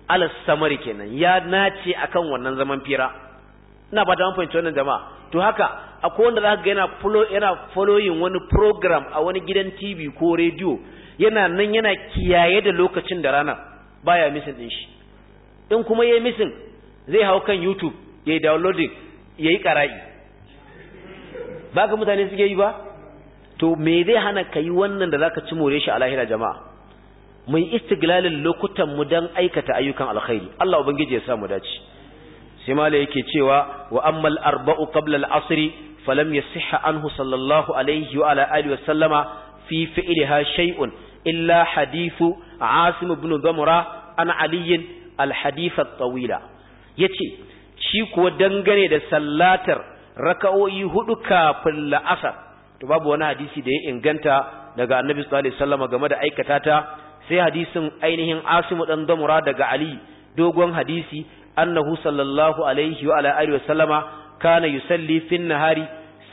alas samari kenan ya nace akan wannan zaman fira ina ba da mun fahimci wannan jama'a to haka akwai wanda zaka ga yana yana following wani program a wani gidan TV ko radio yana nan yana kiyaye da lokacin da rana baya misin din shi in kuma yayi misin zai hau kan YouTube yayi downloading yayi kara'i ba ga mutane suke yi ba to me zai hana ka wannan da zaka ci more shi a lahira jama'a mu istiglalin lokutan mu dan aikata ayyukan alkhairi Allah ubangiji ya sa mu dace sai mala yake cewa wa ammal arba'u qabla al-asr falam yasihha anhu sallallahu alaihi wa ala alihi wa sallama fi fi'liha shay'un illa hadithu asim ibn gamura an aliyin alhadifa tawila ce shi kuwa dangane da sallatar raka'o'i hudu kafin la'asar to babu wani hadisi da ya inganta daga annabi sallallahu alaihi wasallam game da aikata ta sai hadisin ainihin asim dan gamura daga ali dogon hadisi annahu sallallahu alaihi wa ala alihi wasallama kana yusalli fin nahari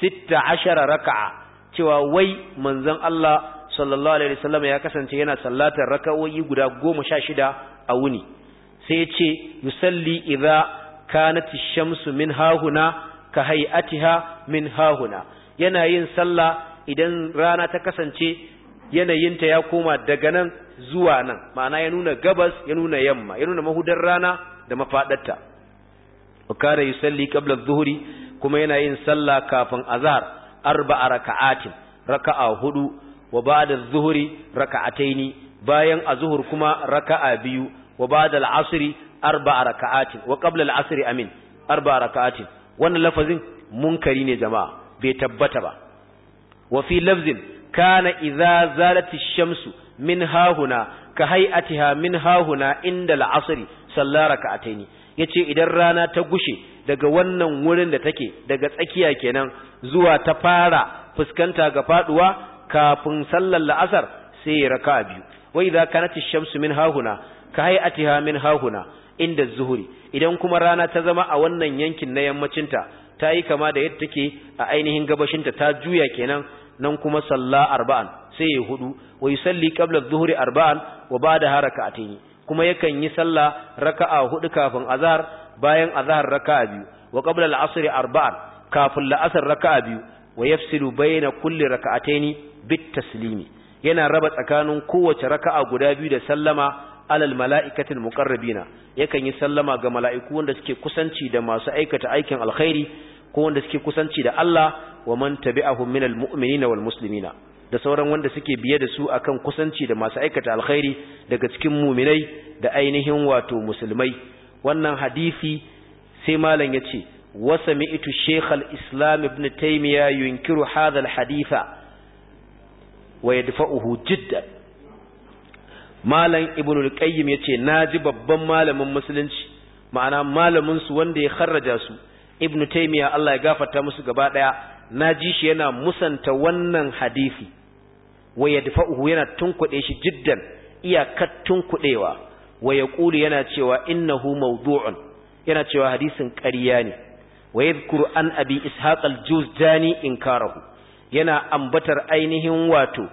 16 raka'a cewa wai manzon Allah sallallahu alaihi wasallam ya kasance yana sallatar raka'o'i guda 16 a wuni sai ya ce yusalli idza kanat ash-shamsu min hahuna ka hay'atiha min hahuna yana yin sallah idan rana ta kasance yanayinta ya koma daga nan zuwa nan ma'ana ya nuna gabas ya nuna yamma ya nuna mahudar rana da mafadarta kana yusalli qabla adh-dhuhri kuma yana yin sallah kafin azhar arba'a raka'atin raka'a hudu wa ba'da adh-dhuhri raka'ataini bayan azhur kuma raka'a biyu wa ba'da al-'asri arba'a raka'atin wa qabla al-'asri amin arba'a raka'atin wannan lafazin munkari ne jama'a bai tabbata ba wa fi lafzin kana idza zalat ash-shamsu min hahuna ka hay'atiha min hahuna inda al-'asri raka'ataini yace idan rana ta gushe daga wannan wurin da take daga tsakiya kenan zuwa ta fara fuskanta ga faduwa kafin sallar la'asar sai ya raka biyu Wai za ka ash-shamsu min hahuna ka hay'atiha min hahuna inda zuhuri idan kuma rana ta zama a wannan yankin na yammacinta ta yi kama da yadda take a ainihin gabashinta ta juya kenan nan kuma salla arba'an sai ya hudu wa yusalli qabla adh-dhuhri arba'an wa ba'daha raka'atayn kuma yakan yi salla raka'a hudu kafin azhar bayan azhar raka'a biyu wa qabla al-'asr arba'an kafin la'asar raka'a biyu wa yafsilu bayna kulli raka'atayn bit taslimi yana raba tsakanin kowace raka'a guda biyu da sallama alal mala'ikatan muqarrabina yakan yi sallama ga mala'iku wanda suke kusanci da masu aikata aikin alkhairi ko wanda suke kusanci da Allah wa man tabi'ahum minal mu'minina wal muslimina da sauran wanda suke biye da su akan kusanci da masu aikata alkhairi daga cikin muminai da ainihin wato musulmai wannan hadisi sai malam yace ce sami'tu shaykh al-islam ibn taymiya yunkiru hadha al-haditha wa yadfa'uhu jiddan malam ibnul qayyim yace naji babban malamin musulunci ma'ana malamin su wanda ya kharraja su ibnu taymiya Allah ya gafarta musu gaba Na ji shi yana musanta wannan hadisi wa yadfa'uhu yana tunkuɗe shi jiddan iyakar tunkuɗewa wa yaqulu yana cewa innahu mawdu'un yana cewa hadisin ƙarya ne wa yadhkuru an abi ishaq in juzjani inkarahu yana ambatar ainihin wato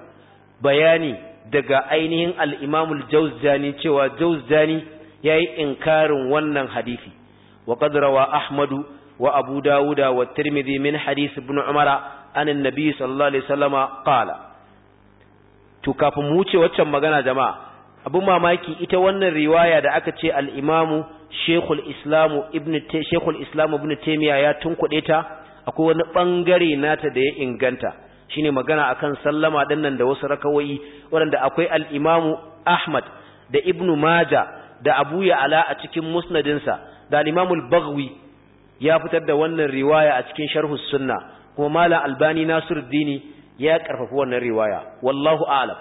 bayani daga ainihin al'imamul jauzani cewa jauzani ya yi inkarin wannan hadisi wa ahmadu wa abu dawuda wa tirmidhi min hadisi ibn umara anin nabi sallallahu alaihi ƙala to kafin mu wuce waccan magana jama'a abin mamaki ita wannan riwaya da aka ce al'imamu shekul islamu ibn taimiya ya tunkuɗe ta akwai wani bangare nata da ya inganta shine magana akan sallama dinnan da wasu rakawai waɗanda akwai Al'imamu Ahmad da Ibn Majah da Abu Ya'la a cikin musnadinsa da al bagwi ya fitar da wannan riwaya a cikin sharh sunna kuma Malam Albani Nasiruddin ya karfafa wannan riwaya wallahu a'lam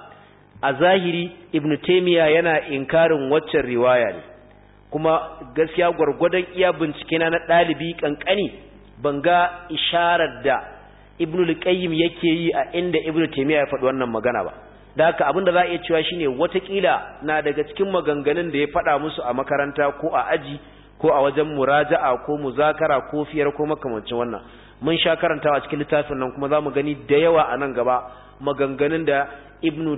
a zahiri Ibn taimiya yana inkarin waccan riwaya ne kuma gaskiya gwargwadon iya bincike na ɗalibi kankani ban ga isharar da Ibn al-qayyim yake yi a inda Ibn taymiya ya faɗi wannan magana ba da haka abinda za a iya cewa shine watakila na daga cikin maganganun da ya faɗa musu a makaranta ko a aji ko a wajen muraja'a ko muzakara ko fiyar ko makamancin wannan mun sha karantawa cikin littafin nan kuma za gani da yawa a nan gaba maganganun da Ibn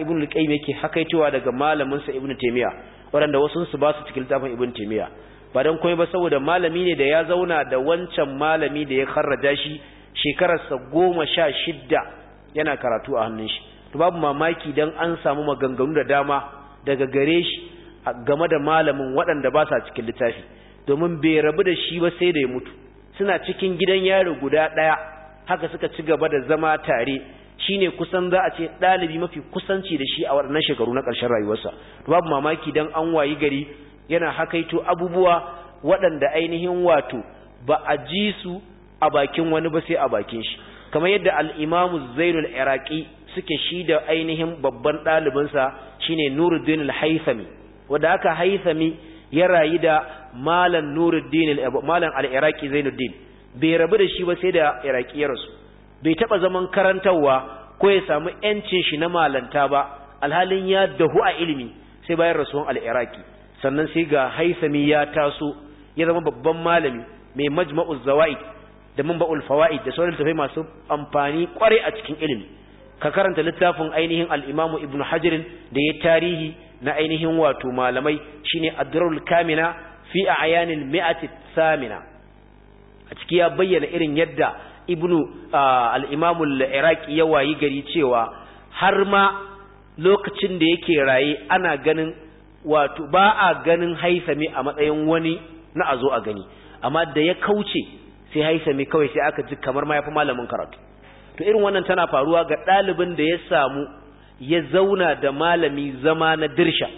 ibn al-qayyim yake hakaitowa daga malamin sa ibnu taymiya waɗanda wasu su ba su cikin littafin Ibn taymiya ba don kuma ba saboda malami ne da ya zauna da wancan malami da ya kharraja shi shekararsa goma sha shidda yana karatu a hannun shi to babu mamaki don an samu maganganu da dama daga gare shi game da malamin waɗanda ba sa cikin littafi domin bai rabu da shi ba sai da ya mutu suna cikin gidan yaro guda ɗaya haka suka ci gaba da zama tare shine kusan za a ce ɗalibi mafi kusanci da shi a waɗannan shekaru na ƙarshen rayuwarsa babu mamaki don an wayi gari yana hakaito abubuwa waɗanda ainihin wato ba a ji su a bakin wani ba sai a bakin shi kamar yadda al Zainul Iraqi suke shi da ainihin babban ɗalibinsa shine Nuruddin al-Haythami wanda aka Haythami ya rayu da Malam Nuruddin Malam al-Iraqi Zainuddin bai rabu da shi ba sai da Iraki ya rasu bai taɓa zaman karantarwa ko ya samu yancin shi na malanta ba alhalin ya dahu a ilimi sai bayan rasuwan al-Iraqi sannan sai ga haisami ya taso ya zama babban malami mai majma'uz zawaid da munba'ul fawaid da sauran tafai masu amfani kwarai a cikin ilimi ka karanta littafin ainihin al-Imam Ibn Hajar da ya tarihi na ainihin wato malamai shine ad Kamina fi ayanin Mi'ati Samina a ciki ya bayyana irin yadda Ibn al-Imam al-Iraqi ya wayi gari cewa har ma lokacin da yake raye ana ganin wato ba a ganin haisami a matsayin wani na a zo a gani amma da ya kauce sai haisami kawai sai aka ji kamar ma ya fi malamin karatu to irin wannan tana faruwa ga ɗalibin da ya samu ya zauna da malami zama na dirsha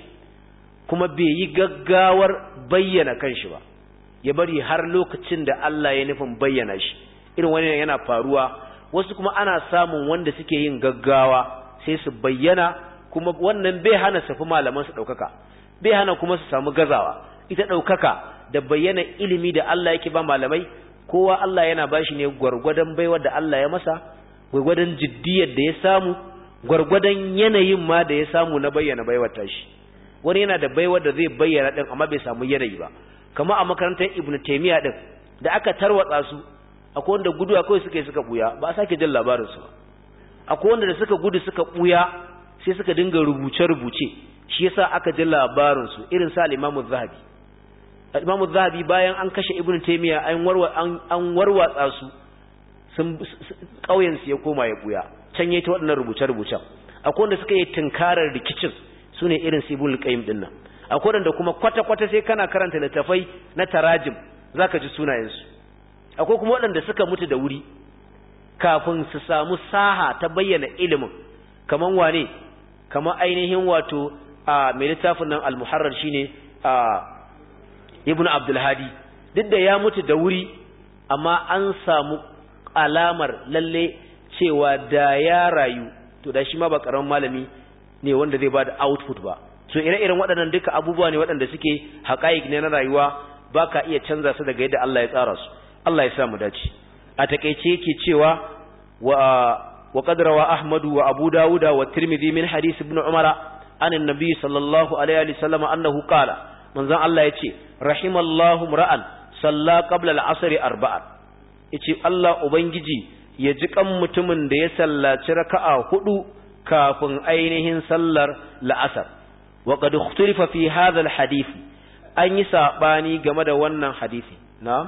kuma bai yi gaggawar bayyana kan shi ba ya bari har lokacin da Allah ya nufin bayyana shi irin wannan yana faruwa wasu kuma ana samun wanda suke yin gaggawa sai su bayyana kuma wannan bai hana safi malaman su ɗaukaka bai hana kuma su samu gazawa ita ɗaukaka da bayyana ilimi da Allah yake ba malamai kowa Allah yana bashi ne gwargwadon baiwar da Allah ya masa gwargwadon jiddiyar da ya samu gwargwadon yanayin ma da ya samu na bayyana baiwar tashi wani yana da baiwar da zai bayyana din amma bai samu yanayi ba kamar a makarantar Ibn Taymiya din da aka tarwatsa su akwai wanda gudu akwai suka yi suka buya ba a sake jin labarin su ba akwai wanda da suka gudu suka buya sai suka dinga rubuce-rubuce shi yasa aka ji labarinsu irin sa al'imamu zahabi al'imamu zahabi bayan an kashe ibn taimiyya an warwatsa su ƙauyensu ya koma ya buya can yi ta waɗannan rubuce-rubucen akwai wanda suka yi tinkarar rikicin su ne irin su ibn alƙayim ɗin nan akwai wanda kuma kwata-kwata sai kana karanta littafai na tarajim za ka ji sunayensu akwai kuma waɗanda suka mutu da wuri kafin su samu saha ta bayyana ilimin kaman wane kamar ainihin wato a mai littafin nan al-muharrar shine a ibn Abdulhadi duk da ya mutu da wuri amma an samu alamar lalle cewa da ya rayu to da shi ma ba karamin malami ne wanda zai da output ba so ire-iren waɗannan duka abubuwa ne waɗanda suke haƙaik ne na rayuwa ba ka iya canza su daga yadda Allah ya tsara su Allah ya sa mu dace a takeice yake cewa wa وقد روى أحمد وأبو داود والترمذي من حديث ابن عمر عن النبي صلى الله عليه وسلم أنه قال من ذا الله يتي رحم الله امرأ صلى قبل العصر أربعة يتي الله أبنجي يجكم متمن دي صلى ركعة هدو كافن أينهن صلى لأسر وقد اختلف في هذا الحديث أن يساباني قمد ونن حديثي نعم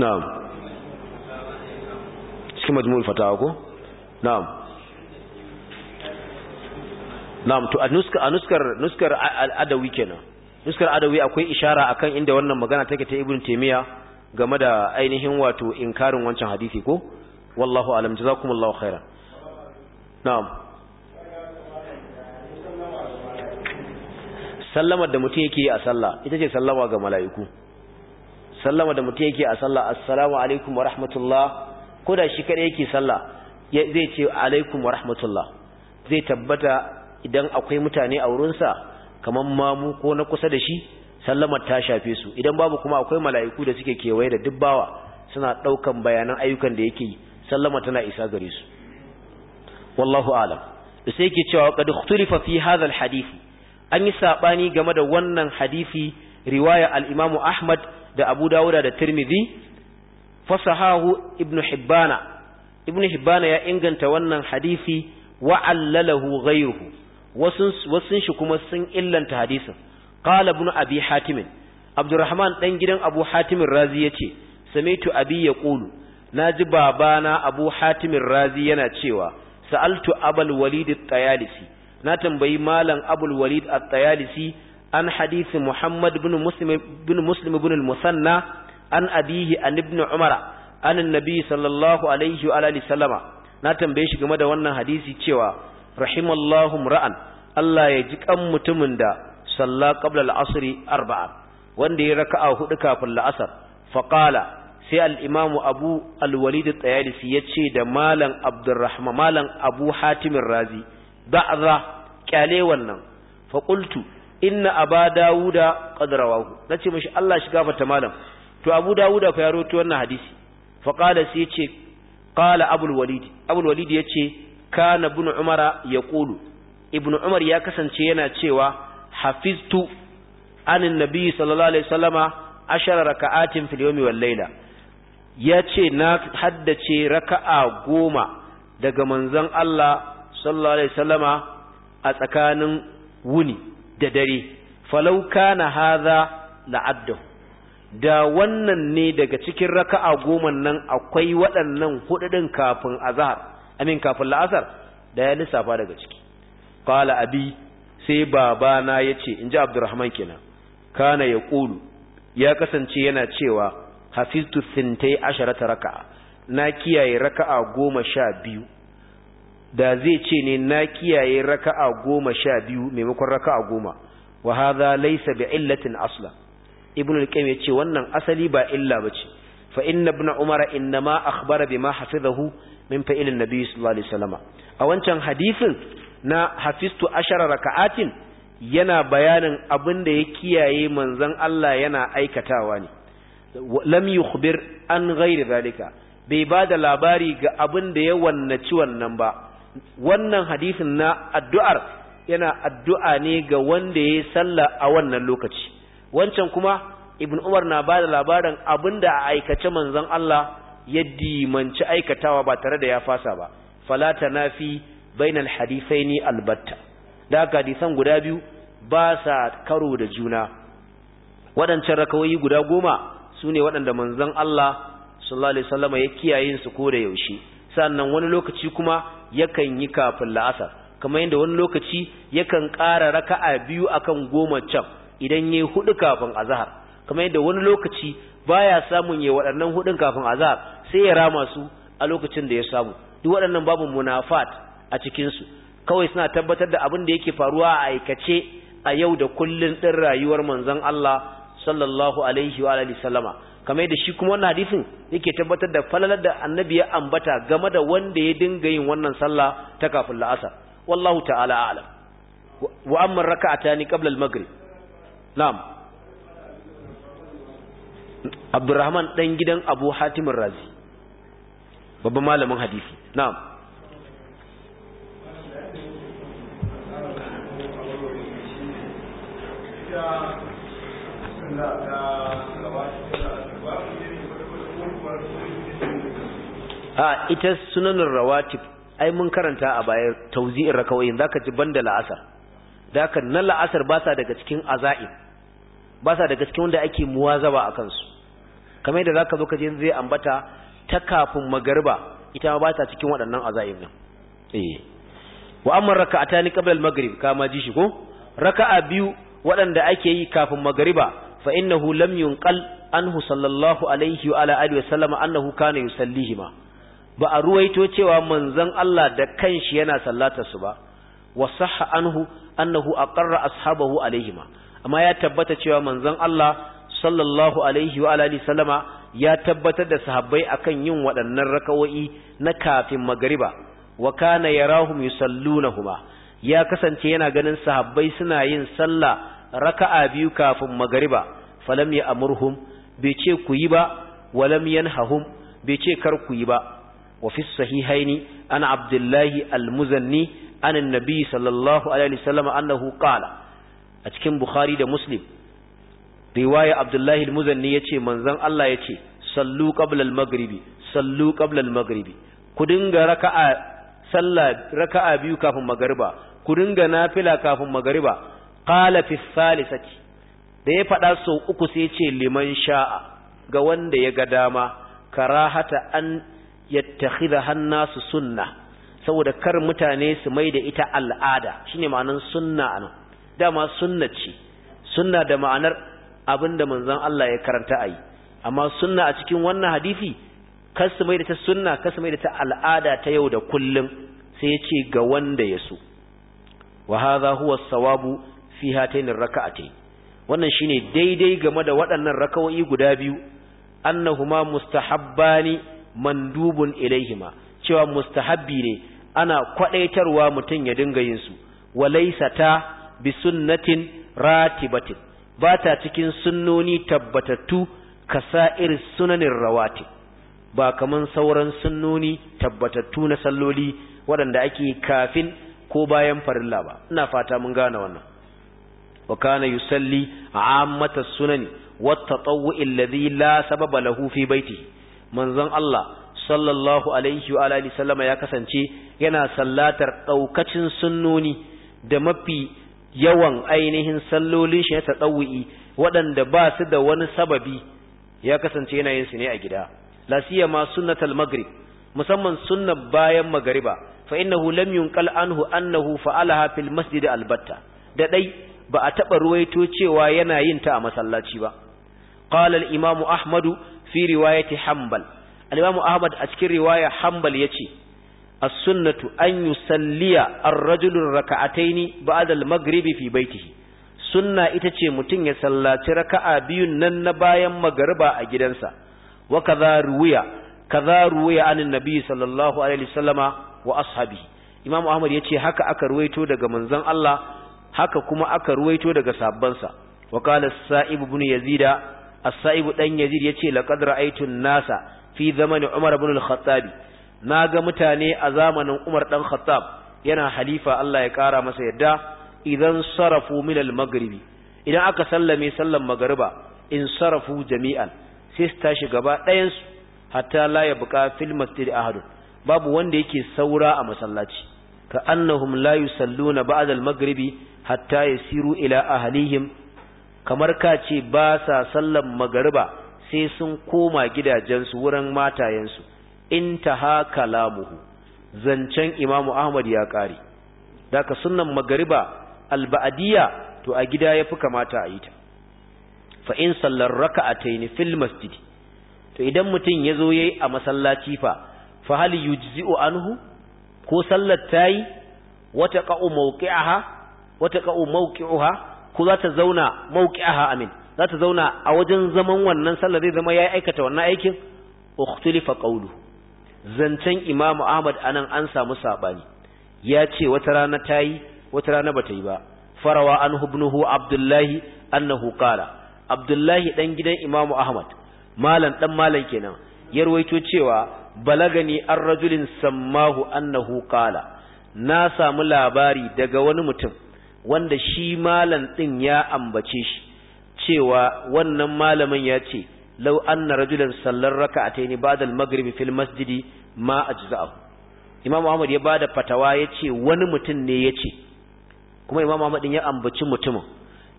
na'am cikin majmul fatawa ko na'am na'am to a nuskar nuskar adawi kenan nuskar adawi akwai ishara akan inda wannan magana take ta ibn taymiya game da ainihin wato inkarin wancan hadisi ko wallahu alam jazakumullahu khairan na'am sallamar da mutum yake yi a sallah ita ce sallama ga mala'iku sallama da mutum yake a sallah assalamu alaikum wa rahmatullah ko da shi kada yake sallah zai ce alaikum wa rahmatullah zai tabbata idan akwai mutane a wurinsa kamar mamu ko na kusa da shi sallamar ta shafe su idan babu kuma akwai mala'iku da suke kewaye da dubbawa suna ɗaukan bayanan ayyukan da yake yi sallama tana isa gare su wallahu alam da sai yake cewa qad ikhtalifa fi hadha al hadisi an yi sabani game da wannan hadisi riwaya al-imamu ahmad da Abu Dawuda da Tirmidhi fasahahu Ibn Hibbana Ibn Hibbana ya inganta wannan hadisi wa allalahu ghayruhu wasun wasun shi kuma sun illanta hadisin qala ibn abi hatim Abdurrahman dan gidan Abu Hatim Razi yace samitu abi yaqulu naji babana Abu Hatim Razi yana cewa sa'altu abul walid at-tayalisi na tambayi malam abul walid at-tayalisi an hadisi Muhammad bin Muslim bin Muslim bin musanna an abihi an ibn Umara an annabi sallallahu alaihi wa alihi sallama na tambaye shi game da wannan hadisi cewa rahimallahu ra'an. Allah ya ji kan mutumin da salla qabla al-asr arba'a wanda ya raka'a hudu kafin la'asar faqala sai al'imamu abu al-walid tsayalisi ya ce da Malam abdurrahman Malam abu hatimin razi ba a kyale wannan faƙultu inna aba dawuda qad rawahu nace mishi Allah shi gafarta malam to abu dawuda fa ya to wannan hadisi fa qala sai yace qala abul walid abul walid yace kana ibn umara yaqulu ibn umar ya kasance yana cewa hafiztu an annabi sallallahu alaihi wasallama ashara raka'atin fil yawmi wal layla yace na haddace raka'a goma daga manzon Allah sallallahu alaihi wasallama a tsakanin wuni da dare falau kana na la'addu da wannan ne daga cikin raka'a goma nan akwai waɗannan hududin kafin azhar amin kafin la'asar da ya lissafa daga ciki qala abi sai babana ya yace inji abdurrahman kenan kana yaqulu ya kasance yana cewa hafiztu sintai asharata raka'a na kiyaye raka'a goma sha biyu da zai ce ne na kiyaye raka'a goma sha biyu maimakon raka'a goma wa hadha laysa bi illatin asla ibn al-qayyim yace wannan asali ba illa bace fa inna ibn umara ma akhbara bima hafizahu min fa'il an-nabi sallallahu alaihi wasallam a wancan hadisin na hafistu ashara raka'atin yana bayanin abin da ya kiyaye manzon Allah yana aikatawa ne lam yukhbir an ghairi zalika bai ba da labari ga abin da ya wannan ba wannan hadisin na addu'ar yana addu'a ne ga wanda ya yi sallah a wannan lokaci wancan kuma ibn umar na ba da labarin da a aikace manzon Allah ya dimanci aikatawa ba tare da ya fasa ba falata na fi bainal hadisai ni albatta da hadisan guda biyu ba sa karo da juna waɗancan rakawoyi guda goma su ne waɗanda manzon Allah sallallahu alaihi wasallam ya kiyaye su ko da yaushe sannan wani lokaci kuma yakan yi kafin la'asar kamar yadda wani lokaci yakan ƙara raka'a biyu a kan goma can idan ya yi hudu kafin zahar kamar yadda wani lokaci baya samun ya waɗannan hudun kafin zahar sai ya rama su a lokacin da ya samu duk waɗannan babu munafat a cikinsu kawai suna tabbatar da abin da yake faruwa a aikace a yau da kullun ɗin rayuwar manzon Allah sallallahu alaihi wa alihi sallama kamar da shi kuma wannan hadisin yake tabbatar da falalar da annabi ya ambata game da wanda ya dinga yin wannan sallah ta kafin la'asar wallahu ta'ala a'lam wa amma raka'atani qabla al-maghrib na'am Abdurrahman dan gidan Abu Hatim Razi babban malamin hadisi na'am Yeah. a ita sunanin rawatib ai mun karanta a baya tauzi'in rakawayin zaka ji banda la'asar zaka na la'asar ba sa daga cikin aza'i ba sa daga cikin wanda ake muwazaba a kansu kamar yadda zaka zo ka je zai ambata ta kafin magariba ita ma ba ta cikin waɗannan aza'in nan eh wa amma raka'atani qabla al-maghrib kama ji shi ko raka'a biyu waɗanda ake yi kafin magariba fa innahu lam yunqal anhu sallallahu alaihi wa ala alihi wa sallama annahu kana yusallihima ba a ruwaito cewa manzon Allah da kanshi yana sallata su ba wa sahha anhu annahu aqarra ashabahu alaihima amma ya tabbata cewa manzon Allah sallallahu alaihi wa alihi sallama ya tabbatar da sahabbai akan yin waɗannan rakawai na kafin magriba wa kana yarahum yusallunahuma ya kasance yana ganin sahabbai suna yin sallah raka'a biyu kafin magariba falam ya amurhum bai ce ku yi ba walam yanhahum bai ce kar ku yi ba وفي الصحيحين أن عبد الله المزني أن النبي صلى الله عليه وسلم أنه قال أتكن بخاري دا مسلم رواية عبد الله المزني يتي منزن الله يتي صلوا قبل المغرب صلوا قبل المغرب كدنغ ركعة صلى ركعة بيو كافم مغربا كدنغ نافلة كافم مغربا قال في الثالثة da ya faɗa sau uku sai ce liman sha'a ga wanda ya ga dama karahata an yattakhidha nasu sunna saboda kar mutane su mai da ita al'ada shine ma'anar sunna anan dama sunna ce sunna da ma'anar abinda manzon Allah ya karanta ayi amma sunna a cikin wannan hadisi kar su mai da ta sunna kar su mai da ta al'ada ta yau da kullum sai yace ga wanda ya so wa hadha huwa as-sawabu fi hatayn ar-rak'atayn wannan shine daidai game da waɗannan raka'o'i guda biyu annahuma mustahabbani mandubun ilaihima cewa mustahabbi ne ana kwadaitarwa mutum ya dinga yin su bisunnatin ta bi sunnatin ratibatin ba ta cikin sunnoni tabbatattu kasa'ir sunanin rawati ba kaman sauran sunnoni tabbatattu na salloli waɗanda ake kafin ko bayan farilla ba ina fata mun gane wannan wa kana yusalli ammata sunani wat tatawwu alladhi la sababa lahu fi baitihi manzon Allah sallallahu alaihi wa alihi sallama ya kasance yana sallatar daukacin sunnoni da mafi yawan ainihin sallolin shi ta tadawwi waɗanda ba su da wani sababi ya kasance yana yin su ne a gida la siyama sunnatul maghrib musamman sunnan bayan magariba fa innahu lam yunqal anhu annahu fa'alaha fil masjid albatta da dai ba a taba ruwaito cewa yana yin ta a masallaci ba qala al imamu ahmadu fi riwayati hanbal al-imam ahmad a cikin riwaya hanbal yace as-sunnatu an yusalliya ar rajul raka'ataini ba'da al-maghribi fi baytihi sunna ita ce mutum ya sallaci raka'a biyun nan na bayan magariba a gidansa wa kaza ruwiya kaza ruwiya anin nabi sallallahu alaihi wasallama wa ashabi imam ahmad yace haka aka ruwaito daga manzon Allah haka kuma aka ruwaito daga sabonsa. wa qala sa'ib ibn yazida as-sa'ib dan yazid yace laqad ra'aytu an-nasa fi zamani umar ibn al-khattab naga mutane a zamanin umar ɗan khattab yana halifa Allah ya kara masa yadda idan sarafu min al-maghribi idan aka sallame sallan magariba in sarafu jami'an sai su tashi gaba ɗayan su hatta la yabqa fil masjid babu wanda yake saura a masallaci ka annahum la yusalluna ba'da al-maghribi hatta yasiru ila ahlihim kamar ka ce ba sa sallan magariba sai sun koma gidajensu wurin matayensu ha kalamuhu zancen imamu ahmad ya kare daga sunan magariba alba'adiyya to a gida ya fi kamata a yi ta fa in sallar yi fil masjid to idan mutum ya zo ya yi a masallaci fa fa hal yujzi'u anhu ko sallar tayi wata wata ko za ta zauna aha amin za ta zauna a wajen zaman wannan sallar zai zama ya aikata wannan aikin ukhtulifa qawlu zancen Imam Ahmad anan an samu sabani ya ce wata rana tayi wata rana bata yi ba farawa an hubnuhu Abdullahi annahu qala Abdullahi dan gidan Imam Ahmad malam dan malan kenan ya ruwaito cewa balagani ar-rajulin sammahu annahu qala na samu labari daga wani mutum wanda shi malam ɗin ya ambace shi cewa wannan malamin ya ce lau anna rajulan sallar raka'ataini ba'da al-maghrib fil masjidi ma ajza'ahu Imam Ahmad ya bada fatawa ya ce wani mutum ne ya ce kuma Imam Ahmad ya ambaci mutumin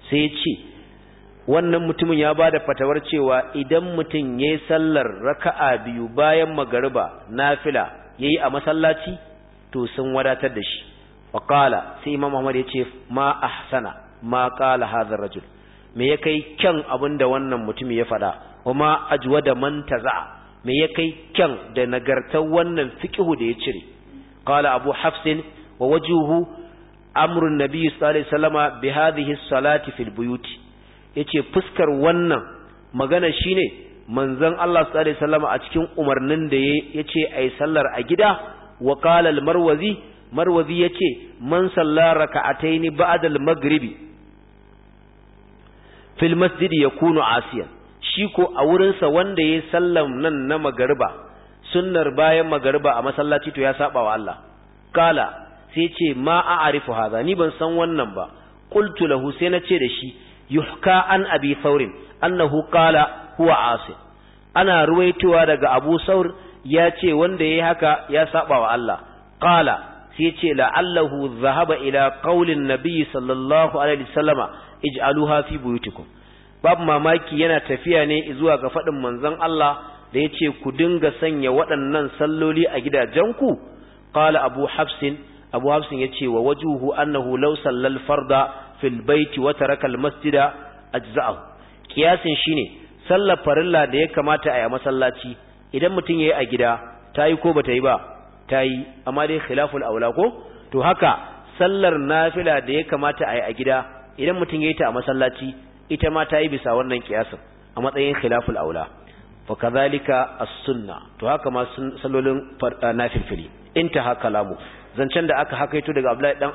sai ya ce wannan mutumin ya bada fatawar cewa idan mutum yayi sallar raka'a biyu bayan magariba nafila yayi a masallaci to sun wadatar da shi waƙala sai imam Muhammad ya ce ma ahsana ma qala hadha me ya kai kyan abin da wannan mutum ya faɗa wa ma ajwada man taza me ya kai kyan da nagartar wannan fiqhu da ya cire qala abu hafsin wa wajuhu amru nabi sallallahu alaihi wasallama bi hadhihi salati fil buyut yace fuskar wannan magana shine manzon Allah sallallahu alaihi wasallama a cikin umarnin da yace ai sallar a gida wa qala al marwazi marwazi ce man salla raka'ataini ni al magribi fil masjidi yakunu asiya. shi ko a wurinsa wanda ya yi sallan nan na magariba sunnar bayan magariba a masallaci to ya saba wa Allah kala sai ce ma a a'rifu haza ni ban san wannan ba qultu lahu sai na ce da shi yuhka an abi thawrin annahu kala huwa asiyan ana ruwaitowa daga abu saur ya ce wanda ya yi haka ya saba wa Allah kala. sai yace la'allahu zahaba ila qaulin nabiyyi sallallahu alaihi wasallama ij'aluha fi buyutikum babu mamaki yana tafiya ne zuwa ga fadin manzon Allah da yace ku dinga sanya waɗannan salloli a gidajenku qala abu hafsin abu hafsin yace wa wajuhu annahu law sallal farda fil baiti wa taraka al masjida ajza'u kiyasin shine sallar farilla da ya kamata a yi a masallaci idan mutum yayi a gida tayi ko bata yi ba ta yi amma dai khilaful aula ko to haka sallar nafila da ya kamata a yi a gida idan mutum ya yi ta a masallaci ita ma ta yi bisa wannan kiyasin a matsayin khilaful aula fa kazalika as-sunna to haka ma sallolin nafilfili intaha kalamu zancen da aka hakaito daga Abdullahi dan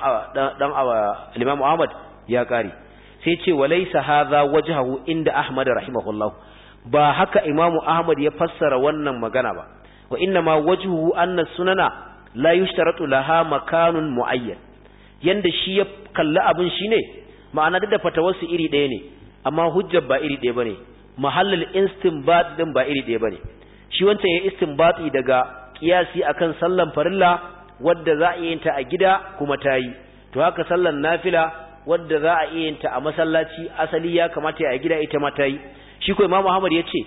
dan Imam Ahmad ya kare sai ce walaysa hadha wajhahu inda Ahmad rahimahullah ba haka Imam Ahmad ya fassara wannan magana ba wa inna ma wajuhu anna sunana la yushtaratu laha makanun muayyan yanda shi ya kalli abin ne, ma'ana duk da fatawarsu iri ɗaya ne amma hujjar ba iri ɗaya bane mahallul istinbat din ba iri ɗaya bane shi wancan ya istinbati daga kiyasi akan sallan farilla wadda za a yin ta a gida kuma ta yi to haka sallan nafila wadda za a yin ta a masallaci asali ya kamata ya a gida ita ma ta yi shi ko imamu muhammad ya ce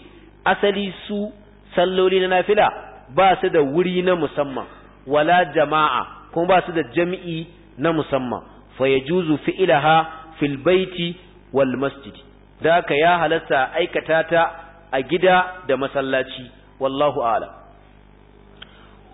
asali su salloli na nafila ba su da wuri na musamman wala jama'a kuma ba su da jami'i na musamman fa yajuzu fi'laha fil baiti wal masjid da ka ya halatta aikata ta a gida da masallaci wallahu a'lam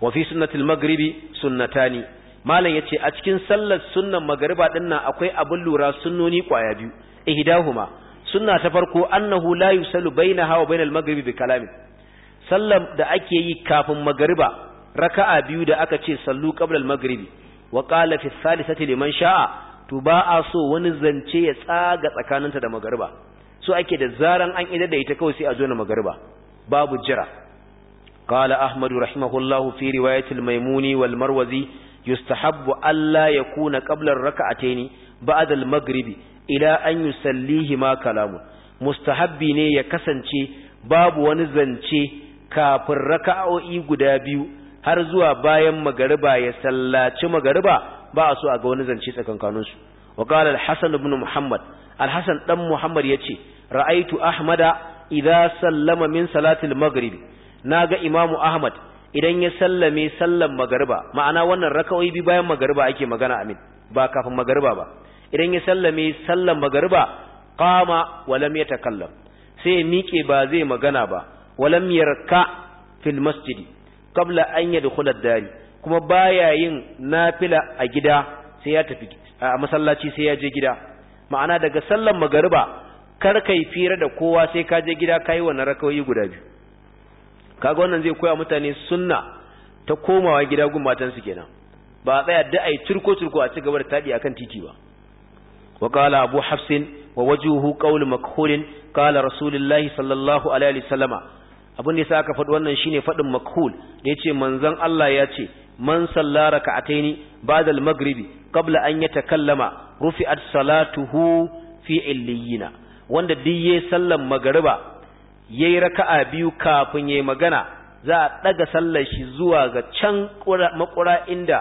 wa fi sunnatil maghribi sunnatani malam yace a cikin sallar sunnan magriba dinnan akwai abin lura sunnoni kwaya biyu ihdahuma sunna ta farko annahu la yusallu bainaha wa bainal maghribi bi kalamin sallar da ake yi kafin magariba raka'a biyu da aka ce sallu qabla al-maghribi wa qala fi thalithati liman sha'a to ba a so wani zance ya tsaga tsakaninta da magariba so ake da zaran an idar da ita kawai sai a zo na magariba babu jira qala ahmad rahimahullahu fi riwayat al-maimuni wal marwazi yustahabbu alla yakuna qabla ar raka'ataini ba'da al-maghribi ila an yusallihi ma kalamu mustahabbi ne ya kasance babu wani zance kafin raka'o'i guda biyu har zuwa bayan magariba ya sallaci magariba ba a so a ga wani zance tsakankanin su wa qala al-hasan ibn muhammad al-hasan dan muhammad yace ra'aitu ahmada idza sallama min salatil maghrib naga imamu ahmad idan ya sallame sallan magariba ma'ana wannan raka'o'i bi bayan magariba ake magana amin ba kafin magariba ba idan ya sallame sallan magariba qama wa lam yatakallam sai ya miƙe ba zai magana ba walam yarka fil masjidi qabla an yadkhula dari kuma baya yin nafila a gida sai ya tafi a masallaci sai ya je gida ma'ana daga sallan magariba kar kai fira da kowa sai ka je gida kai wannan rakawoyi guda biyu kaga wannan zai koya mutane sunna ta komawa gida gun su kenan ba a tsaya da ai turko turko a cigaba da tadi akan titi ba wa qala abu hafsin wa wajuhu qawl makhulin qala rasulullahi sallallahu alaihi wasallama abin da sa aka faɗi wannan shine faɗin makhul da ce manzon Allah ya ce man ka raka'ataini ba'da al-maghribi qabla an yatakallama rufi'at salatuhu fi illiyina wanda duk yayi sallan magriba yayi raka'a biyu kafin yayi magana za a daga sallar shi zuwa ga can makura inda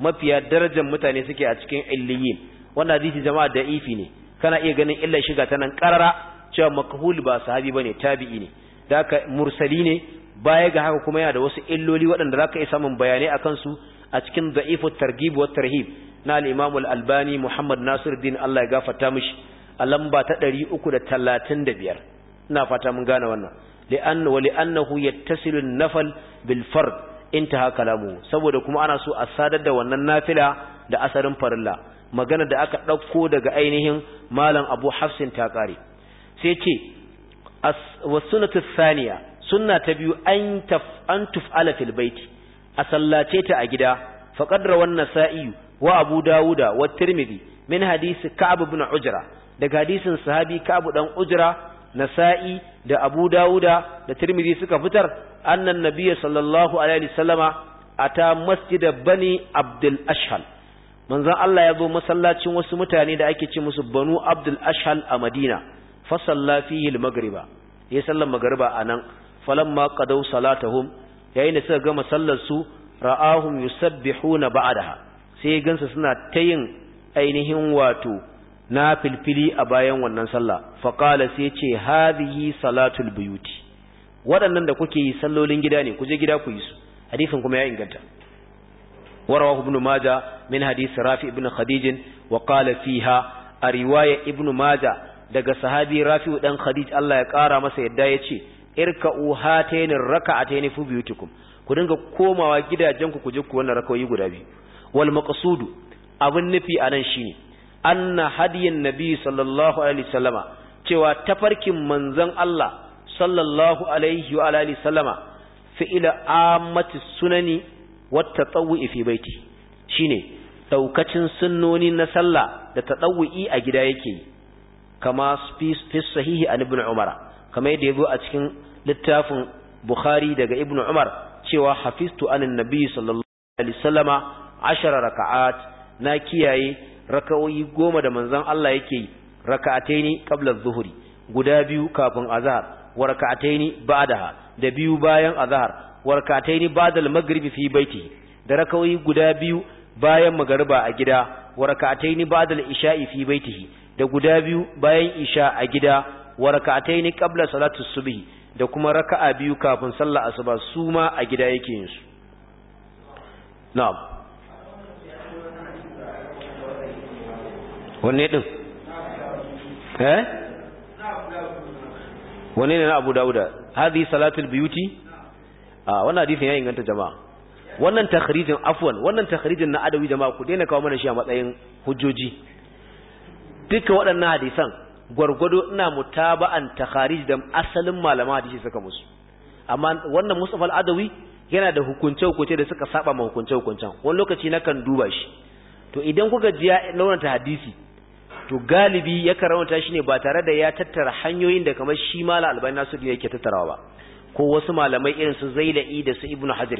mafiya darajar mutane suke a cikin illiyin wannan hadisi jama'a da ifi ne kana iya ganin illar shiga ta nan karara cewa makhul ba sahabi bane tabi'i ne da ka mursali ne baya ga haka kuma yana da wasu illoli waɗanda za ka iya samun bayanai a kansu a cikin da'ifu targibu wa tarhib na al’imamu al’albani albani Muhammad Nasiruddin Allah ya gafata mishi a lamba ta 335 ina fata mun gane wannan li'anna wa li'annahu yattasilu an-nafal in ta haka kalamu saboda kuma ana so a sadar da wannan nafila da asarin farilla magana da aka ɗauko daga ainihin malam Abu Hafsin ta ƙare. sai ce was-sunnatu thaniya sunna ta biyu an an tuf'ala fil a sallace ta a gida faqad rawan nasa'i wa abu dawuda wa tirmidhi min hadisi Ka'abu ibn ujra daga hadisin sahabi ka'ab ɗan ujra nasa'i da abu dawuda da tirmidhi suka fitar annan nabiyyi sallallahu alaihi wasallama ata masjid bani abdul Ashal. manzon Allah ya zo masallacin wasu mutane da ake ce musu banu abdul ashhal a madina fa fihi al-maghriba ya sallan magriba anan falamma qadaw salatahum yayin da suka gama sallar su ra'ahum yusabbihuna ba'daha sai gansa suna ta yin ainihin wato nafilfili a bayan wannan sallah faƙala sai ce hadhihi salatul buyuti waɗannan da kuke yi sallolin gida ne kuje gida ku yi su hadisin kuma ya inganta warawahu ibn maja min hadisi rafi ibn Khadijin wa qala fiha a riwaya ibn maja daga sahabi Rafi'u dan Khadij Allah ya kara masa yadda yace irka'u hatayn raka'ataini fi buyutikum ku dinga komawa gidajenku ku je ku wannan raka'o'i guda biyu wal maqsudu abun nufi anan shine anna hadiyin nabi sallallahu alaihi wasallama cewa tafarkin manzon Allah sallallahu alaihi wa alihi wasallama fi'ila ammati sunani wat tatawwi fi baiti shine daukacin sunnoni na sallah da tatawwi a gida yake yi kama fi sahihi an ibn umar kama yadda yazo a cikin littafin bukhari daga ibnu umar cewa hafiztu anin nabi sallallahu alaihi wasallama 10 raka'at na kiyaye raka'o'i goma da manzon Allah yake yi raka'ataini qabla adh-dhuhri guda biyu kafin azhar wa raka'ataini ba'daha da biyu bayan azhar wa raka'ataini ba'da al-maghribi fi baiti da raka'o'i guda biyu bayan magariba a gida wa raka'ataini ba'da al-isha'i fi baitihi da guda biyu bayan isha a gida wa raka'ataini qabla salati subhi da kuma raka'a biyu kafin sallar asuba su ma a gida yake yin su na'am wanne din eh wanne ne na Abu Dawuda hadhi salatul biyuti a ah, wannan hadisin ya inganta jama'a wannan takhrijin afwan wannan takhrijin na adawi jama'a ku daina kawo mana shi a matsayin hujjoji duka waɗannan hadisan gwargwado ina mutaba'an takharij da asalin malama hadisi suka musu amma wannan Mustafa al-Adawi yana da hukunce hukunce da suka saba ma hukunce hukuncen wani lokaci na kan duba shi to idan kuka ji ya launata hadisi to galibi ya karanta shi ne ba tare da ya tattara hanyoyin da kamar shi mala albani nasu ne yake tattarawa ba ko wasu malamai irin su zaila'i da su ibnu hajar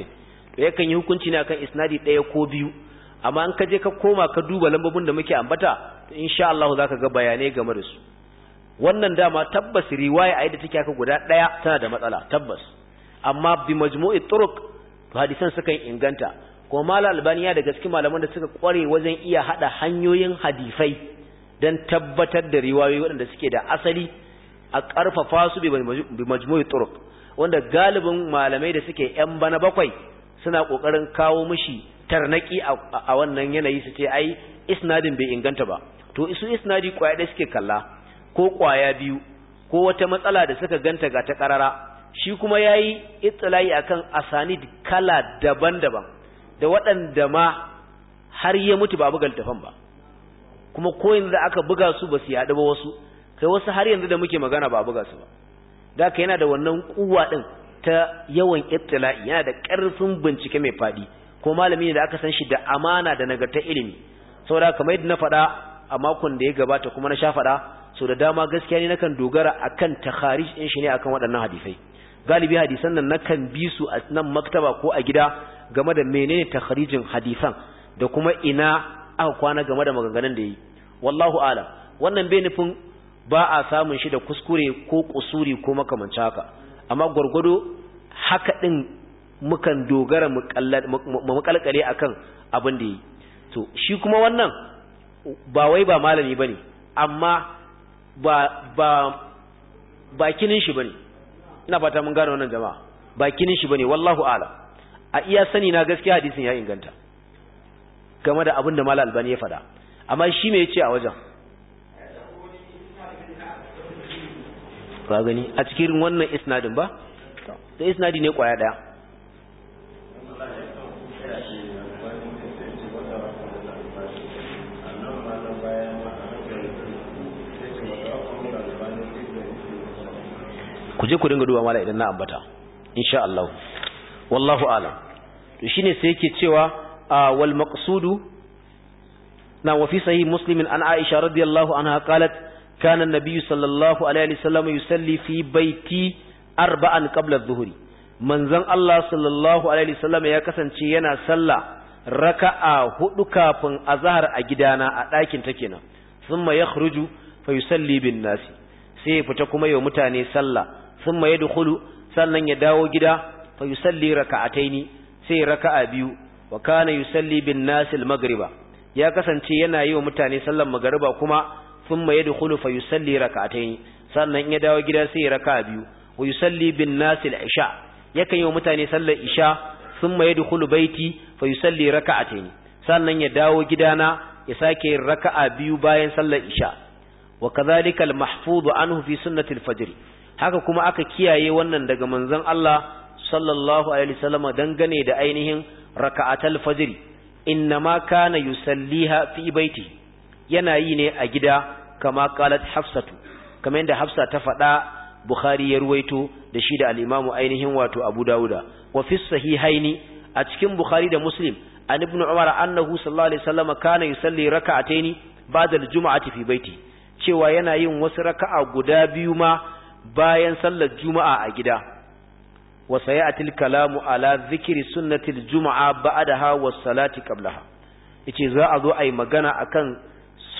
to yakan yi hukunci ne akan isnadi ɗaya ko biyu amma an ka je ka koma ka duba lambobin da muke ambata insha Allah zaka ga bayanai game da su wannan dama tabbas riwaya a da take haka guda ɗaya tana da matsala tabbas amma bi majmu'i turuq hadisan suka inganta kuma malam albani ya cikin malaman da suka kware wajen iya hada hanyoyin hadifai dan tabbatar da riwayoyi waɗanda suke da asali a ƙarfafa su bi majmu'i turuq wanda galibin malamai da suke yan bana bakwai suna kokarin kawo mishi tarnaki a wannan yanayi su ce ai isnadin bai inganta ba to isu isnadi kwaya da suke kalla ko kwaya biyu ko wata matsala da suka ganta ga ta karara shi kuma yayi itsalai akan asanid kala daban-daban da waɗanda ma har ya mutu ba buga tafan ba kuma ko yanzu aka buga su ba su yaɗu ba wasu kai wasu har yanzu da muke magana ba buga su ba da ka yana da wannan kuwa ɗin ta yawan ittila'i yana da ƙarfin bincike mai faɗi ko malami ne da aka san shi da amana da nagarta ilimi saboda kamar yadda na faɗa a makon da ya gabata kuma na sha faɗa so da dama gaskiya ne nakan dogara akan takharij din shi ne akan waɗannan hadisai galibi hadisan nan nakan bi su a nan maktaba ko a gida game da menene takharijin hadisan da kuma ina aka kwana game da maganganun da yi wallahu alam wannan bai nufin ba a samun shi da kuskure ko kusuri ko makamanci haka amma gwargwado haka din mukan dogara mu makalkale akan abin da yi to shi kuma wannan ba wai ba malami bane amma ba ba bakinin shi bane ina fata mun gane wannan jama'a bakinin shi bane wallahu a'lam a iya sani na gaskiya hadisin ya inganta game da abin da malal albani ya faɗa amma shi me yace a wajen ka gani a cikin wannan isnadin ba da isnadi ne kwaya daya ku je ku dinga duba mala idan na ambata insha Allah wallahu alam to shine sai yake cewa wal maqsudu na wa fi sahih muslim an aisha radiyallahu anha qalat kana an-nabiy sallallahu alaihi wasallam yusalli fi baiti arba'an qabla adh-dhuhri manzon Allah sallallahu alaihi wasallam ya kasance yana sallah raka'a hudu kafin azhar a gidana a ɗakin ta kenan thumma yakhruju fa yusalli bin nasi sai fita kuma yau mutane sallah Sun thumma yadkhulu sannan ya dawo gida fa yusalli raka'ataini sai raka'a biyu wa kana salli bin nas al ya kasance yana yi wa mutane sallar magariba kuma sun thumma yadkhulu fa yusalli raka'ataini sannan ya dawo gida sai raka'a biyu wa yi salli bin nas al-isha yakan yi wa mutane sallar isha sun thumma yadkhulu baiti fa yusalli raka'ataini sannan ya dawo gida na ya sake yin raka'a biyu bayan sallar isha wa kadhalika al-mahfuz anhu fi haka kuma aka kiyaye wannan daga manzon Allah sallallahu alaihi wasallam dangane da ainihin raka'atul fajr ma kana yusalliha fi baiti yana yi ne a gida kama qalat hafsatu kamar yadda hafsa ta faɗa bukhari ya ruwaito da shi da al-imamu ainihin wato abu dauda wa fi sahihaini a cikin bukhari da muslim an ibn umar annahu sallallahu alaihi wasallam kana yusalli raka'ataini ba'da al-jum'ati fi baiti cewa yana yin wasu raka'a guda biyu ma bayan sallar juma'a a gida wa sayatil kalamu ala zikri sunnatil juma'a ba'daha was salati qablaha yace za a zo ai magana akan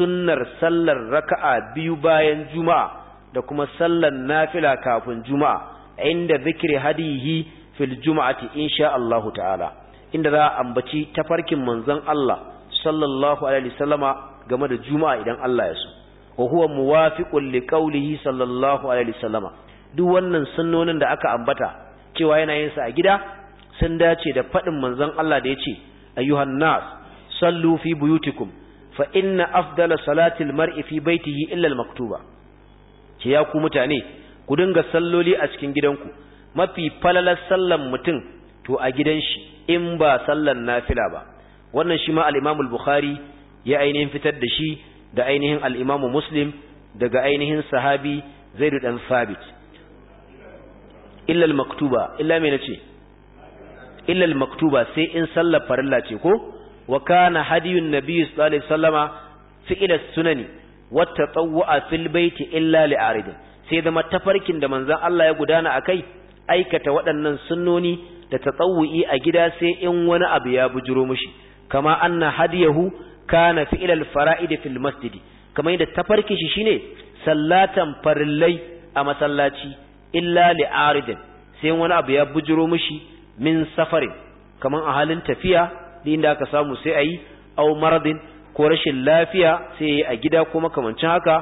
sunnar sallar raka'a biyu bayan juma'a da kuma sallar nafila kafin juma'a inda zikri hadihi fil juma'ati insha Allah ta'ala inda za a ambaci tafarkin manzon Allah sallallahu alaihi wasallama game da juma'a idan Allah ya so wa huwa muwafiqun liqaulihi sallallahu alaihi wasallama duk wannan sunnonin da aka ambata cewa yana yin sa a gida sun dace da fadin manzon Allah da yace ayyuhan nas sallu fi buyutikum fa inna afdala salatil mar'i fi baitihi illa al maktuba ce ya ku mutane ku dinga salloli a cikin gidanku mafi falalar sallan mutum to a gidan shi in ba sallan nafila ba wannan shi ma al-Imam al-Bukhari ya ainihin fitar da shi da ainihin al'imamu muslim daga ainihin sahabi zaidu dan sabit illal maktuba illa me ce? illal maktuba sai in sallar farilla ce ko wa kana hadiyun nabiyyu sallallahu alaihi wasallama sunani wata tsawwa fil baiti illa li sai zama tafarkin da manzon Allah ya gudana akai aikata waɗannan sunnoni da tatawu'i a gida sai in wani abu ya bujuro mushi kama anna hadiyahu kana fi'il al-fara'id fil masjidi kamar yadda tafarkin shi shine sallatan farillai a masallaci illa li'aridin sai wani abu ya bujiro mishi min safarin kamar a halin tafiya da inda aka samu sai ayi aw maradin ko rashin lafiya sai a gida ko makamancin haka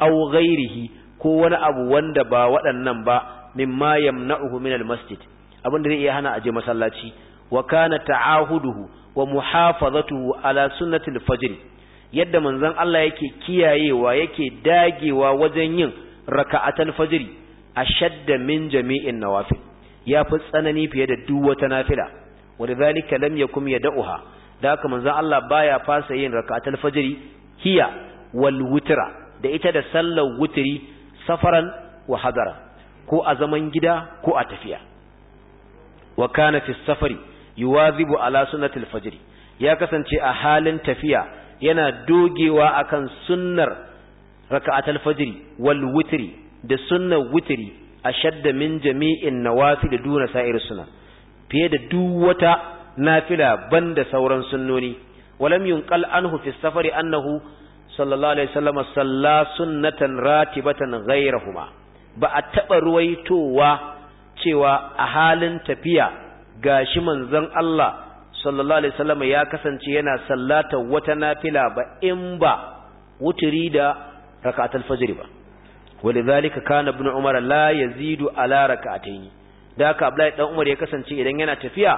aw ghairihi ko wani abu wanda ba waɗannan ba mimma yamna'uhu min al-masjid abin da zai iya hana aje masallaci wa kana ta'ahuduhu wa muhafazatuhu ala sunnatil fajr yadda manzon Allah yake kiyayewa yake dagewa wajen yin raka'atul fajr ashadda min jami'in nawafil yafi tsanani fiye da duk wata nafila walidhalika lam yakum yad'uha da haka manzon Allah baya fasa yin raka'atul fajr hiya wal wutra da ita da sallar wutiri safaran wa hadara ko a zaman gida ko a tafiya wa kana fi safari yuwazibu ala sunnatil fajr ya kasance a halin tafiya yana dogewa akan sunnar raka'atul fajr wal witri da sunnar witri ashadda min jami'in nawafil duna sa'ir sunna fiye da duk wata nafila banda sauran sunnoni walam yunqal anhu fi safari annahu sallallahu alaihi wasallam salla sunnatan ratibatan ghayrahuma ba a taba ruwaitowa cewa a halin tafiya gashi manzon Allah sallallahu alaihi wasallam ya kasance yana sallata wata nafila ba in ba wuturi da rak'atul fajr ba walidhalika kana ibn umar la yazidu ala rak'atayn da haka abdullahi dan umar ya kasance idan yana tafiya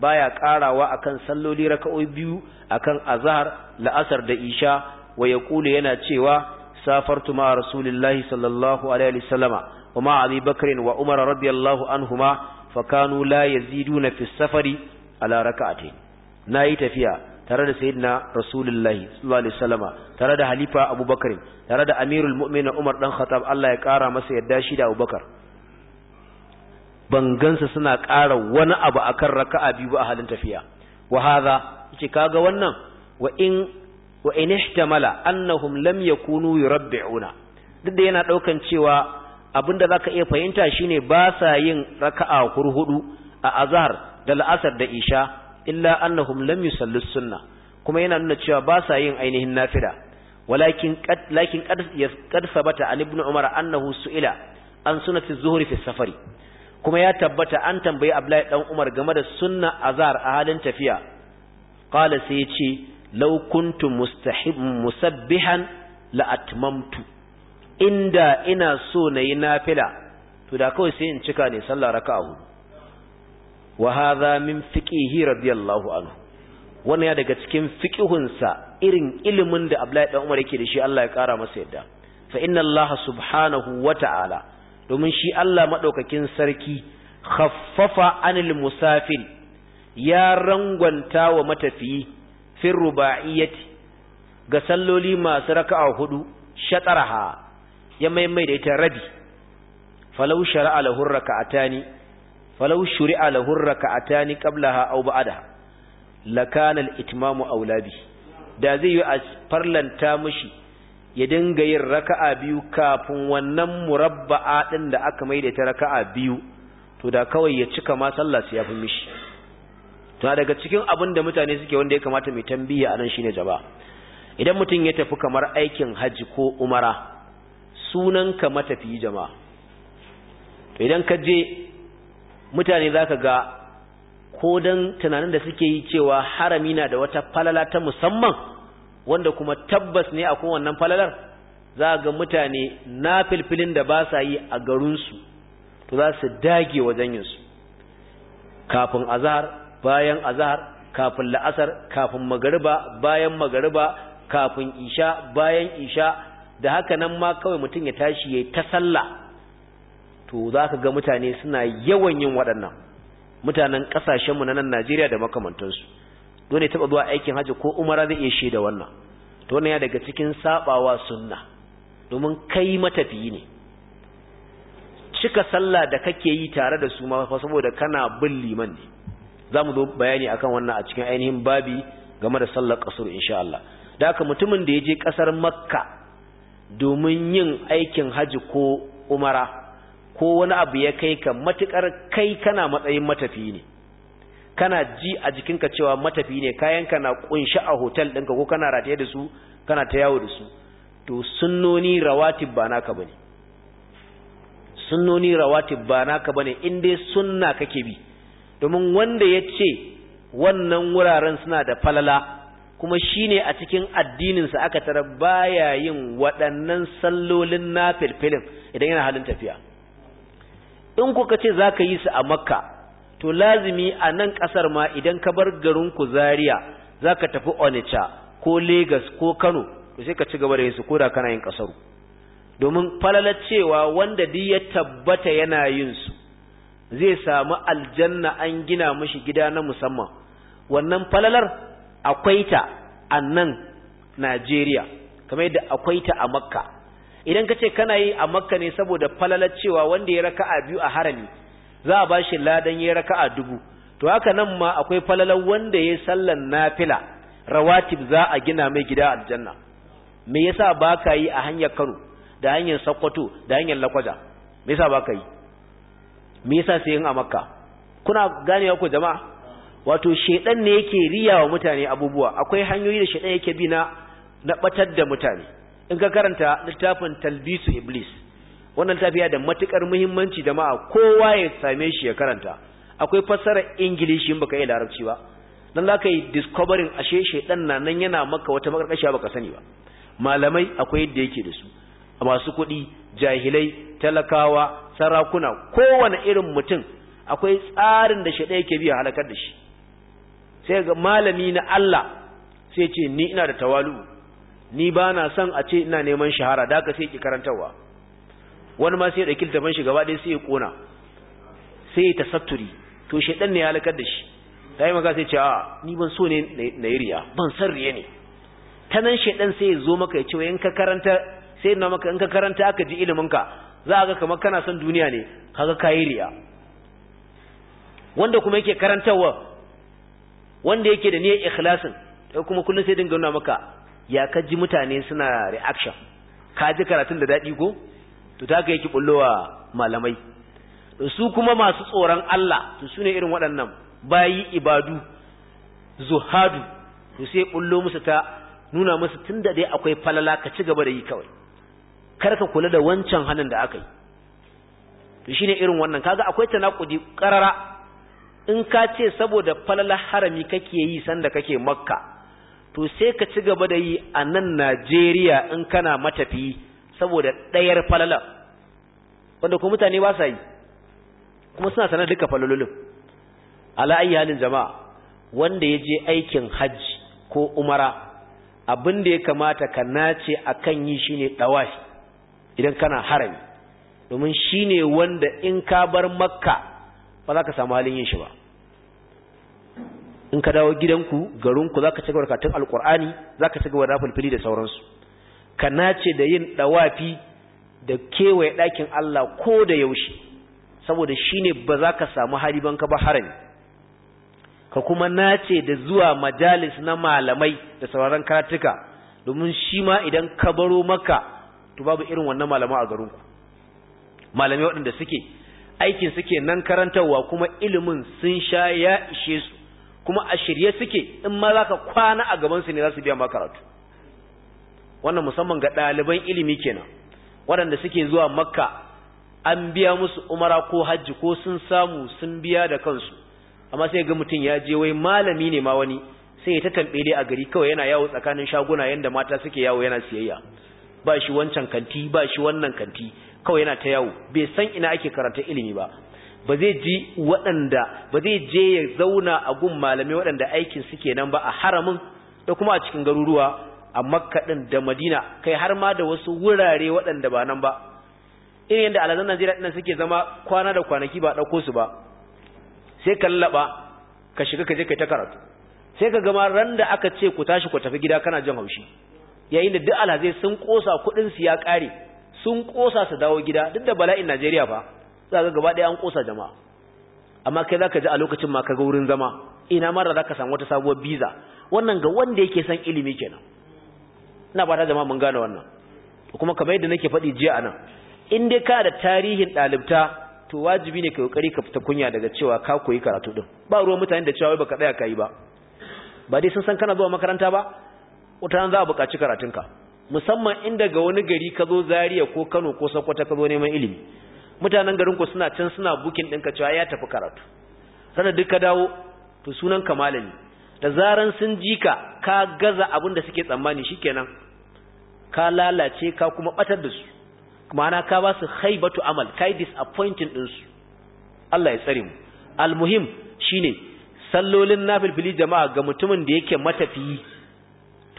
baya karawa akan salloli raka'o'i biyu akan azhar la'asar da isha wa yaqulu yana cewa safartu ma rasulillahi sallallahu alaihi wasallama ومع أبي بكر وأمر رضي الله عنهما fa kanu la yaziduna fi safari ala rak'atayn nayi tafiya tare da sayyidina rasulullahi sallallahu alaihi wasallama tare da halifa abubakar tare da amirul umar dan khattab Allah ya kara masa yadda shi da abubakar bangansa suna ƙara wani abu akan raka'a biyu ba a halin tafiya wa hadha yace kaga wannan wa in wa in ihtamala annahum lam yakunu yurabbi'una duk da yana daukan cewa Abin abinda zaka iya fahimta shine ba sa yin raka'a hurhudu a azhar da la'asar da isha illa annahum lam yusallu sunna kuma yana nuna cewa ba sa yin ainihin nafila walakin qad lakin qad qad sabata an ibnu umar annahu su'ila an sunnati zuhri fi safari kuma ya tabbata an tambayi abdullahi dan umar game da sunna azhar a halin tafiya qala sai ya ce law kuntum mustahib musabbihan la atmamtu inda ina so na yi nafila to da kawai sai in cika ne sallah raka'a hudu wa hadha min fiqihi radiyallahu anhu wannan ya daga cikin fiƙihunsa, irin ilimin da Abdullahi dan Umar yake da shi Allah ya kara masa yadda fa inna Allah subhanahu wa ta'ala domin shi Allah madaukakin sarki khaffafa anil musafir ya rangwanta wa matafiyi fi rubaiyati ga salloli masu raka'a hudu shatarha ya maimai da ita rabi falau shari'a lahur raka'atani falau shari'a lahur raka'atani qablaha aw ba'daha lakana al-itmamu aulabi da zai yi a farlanta mishi ya dinga yin raka'a biyu kafin wannan murabba'a ɗin da aka mai da ta raka'a biyu to da kawai ya cika ma sallah sai ya fi mishi to daga cikin abin da mutane suke wanda ya kamata mai tambiya anan shine jaba idan mutum ya tafi kamar aikin hajji ko umara sunanka matafiyi jama'a idan ka je mutane za ka ga ko dan tunanin da suke yi cewa harami na da wata falala ta musamman wanda kuma tabbas ne a wannan falalar za ga mutane na filfilin da ba sa yi a garinsu to za su dage wajen yinsu kafin azahar bayan azahar kafin la'asar kafin magariba bayan magariba kafin isha bayan isha da haka nan ma kawai mutum ya tashi ya yi ta sallah to za ka ga mutane suna yawan yin waɗannan mutanen ƙasashenmu na nan najeriya da makamantansu dole taɓa zuwa aikin hajji ko umara zai iya da wannan to wannan ya daga cikin saɓawa sunna domin kai matafiyi ne cika sallah da kake yi tare da su ma saboda kana bin liman ne za mu zo bayani akan wannan a cikin ainihin babi game da sallar ƙasar, insha Allah da aka mutumin da ya je ƙasar makka domin yin aikin haji ko umara ko wani abu ya kai ka matukar kai kana matsayin matafi ne kana ji a jikinka cewa matafi ne kayanka na kunshi a hotel ɗinka ko kana rataye da su kana ta yawo da su to sunnoni rawatib ba naka bane sunnoni rawatib ba naka bane in dai sunna kake bi domin wanda ya ce wannan wuraren suna da falala kuma shine a cikin addininsa aka tara baya yin waɗannan sallolin na filfilin idan yana halin tafiya in kuka ce za ka yi su a makka to lazimi a nan ƙasar ma idan ka bar garin ku zariya za ka tafi onitsha ko Legas ko kano to sai ka ci gaba da yin su ko da kana yin ƙasar domin falalar cewa wanda duk ya tabbata yana yin su zai samu aljanna an gina mashi gida na musamman wannan falalar akwai ta a nan Najeriya kamar yadda akwai ta a Makka idan ka ce kana yi a Makka ne saboda falalar cewa wanda ya raka'a biyu a harami za a bashi ladan ya raka'a dubu to haka nan ma akwai falalar wanda ya sallan nafila rawatib za a gina mai gida aljanna me yasa ba ka yi a hanyar Kano da hanyar Sokoto da hanyar Lakwaja me yasa ba ka yi me yasa sai yin a Makka kuna gane ku jama'a wato shedan ne yake riya wa mutane abubuwa akwai hanyoyi da shedan yake bi na na batar da mutane in ka karanta littafin talbisu iblis wannan tafiya da matukar muhimmanci jama'a kowa ya same shi ya karanta akwai fassarar english in baka yi larabci ba dan zaka yi discovering ashe shedan na nan yana maka wata makarkashiya baka sani ba malamai akwai yadda yake da su masu kuɗi jahilai talakawa sarakuna kowane irin mutum akwai tsarin da shaidan yake biya halakar da shi sai ga malami na Allah sai ce ni ina da tawalu ni ba na son a ce ina neman shahara da aka sai ki karantarwa wani ma sai ya ɗauki littafin shi gaba ɗaya sai ya ƙona sai ya tasatturi to ɗan ne ya halakar da shi ta yi maka sai ce a ni ban so ne na yi riya ban san riya ne ta nan ɗan sai ya zo maka ya ce in ka karanta sai na maka in ka karanta aka ji ka za a ga kamar kana son duniya ne kaga ka yi riya wanda kuma yake karantarwa wanda yake da niyyar ikhlasin sai kuma kullun sai dinga nuna maka ya ji mutane suna reaction ka ji karatun da dadi ko to ta ga yake bullowa malamai su kuma masu tsoron Allah to sune irin waɗannan bayi ibadu zuhadu to sai bullo musu ta nuna musu tunda dai akwai falala ka ci gaba da yi kawai kar ka kula da wancan hanin da aka yi to shine irin wannan kaga akwai tanakudi karara in ka ce saboda falalar harami kake yi sanda kake makka to sai ka ci gaba da yi a nan najeriya in kana matafi saboda ɗayar falalar wanda kuma mutane ba sa yi kuma suna sanar duka falalolin ala halin jama'a wanda ya je aikin hajji ko umara abin da ya kamata ka nace a kan yi shi ɗawashi idan kana harami domin ne wanda in ka bar makka ba za ka samu halin yin shi ba in ka dawo gidanku garinku za ka ci gaba da katun alkur'ani za ka ci gaba da fulfili da sauransu ka nace da yin ɗawafi da kewaye ɗakin Allah ko da yaushe saboda shine ba za ka samu hali ban ka ba harami ka kuma nace da zuwa majalis na malamai da sauran karatuka domin shi ma idan ka baro maka to babu irin wannan malama a garinku malamai waɗanda suke aikin suke nan karantarwa kuma ilimin sun sha ya ishe su kuma a shirye suke in ma za ka kwana a gabansu ne za su biya ma karatu wannan musamman ga ɗaliban ilimi kenan waɗanda suke zuwa makka an biya musu umara ko hajji ko sun samu sun biya da kansu amma sai ga mutum ya je wai malami ne ma wani sai ya ta dai a gari kawai yana yawo tsakanin shaguna yanda mata suke yawo yana siyayya ba shi wancan kanti ba shi wannan kanti kawai yana ta yawo bai san ina ake karanta ilimi ba ba zai ji waɗanda ba zai je ya zauna a gun malamai waɗanda aikin suke nan ba a haramin da kuma a cikin garuruwa a makka ɗin da madina kai har ma da wasu wurare waɗanda ba nan ba irin yadda aladun najeriya ɗin suke zama kwana da kwanaki ba ɗauko su ba sai ka ka shiga ka je kai ta karatu sai ka gama ran da aka ce ku tashi ku tafi gida kana jin haushi yayin da duk alhazai sun ƙosa kuɗin su ya ƙare sun kosa su dawo gida duk da bala'in Najeriya ba za ga gaba ɗaya an kosa jama'a amma kai za ka ji a lokacin ma ka ga wurin zama ina mara zaka samu wata sabuwar biza wannan ga wanda yake son ilimi kenan ina ba ta jama'a mun gane wannan kuma kamar yadda nake faɗi jiya anan in dai ka da tarihin ɗalibta to wajibi ne ka kokari ka fita kunya daga cewa ka koyi karatu ɗin ba ruwan mutane da cewa baka tsaya kai ba ba dai sun san kana zuwa makaranta ba wata za a buƙaci karatunka musamman in daga wani gari ka zo Zaria ko Kano ko Sokoto ka zo neman ilimi mutanen garinku suna can suna bukin ɗinka cewa ya tafi karatu sanar duk ka dawo to sunan ka malami da zaran sun ji ka ka gaza abin da suke tsammani shikenan ka lalace ka kuma batar da su ma'ana ka ba su haibatu amal kai disappointing din su Allah ya tsare mu almuhim shine sallolin nafilfili jama'a ga mutumin da yake matafiyi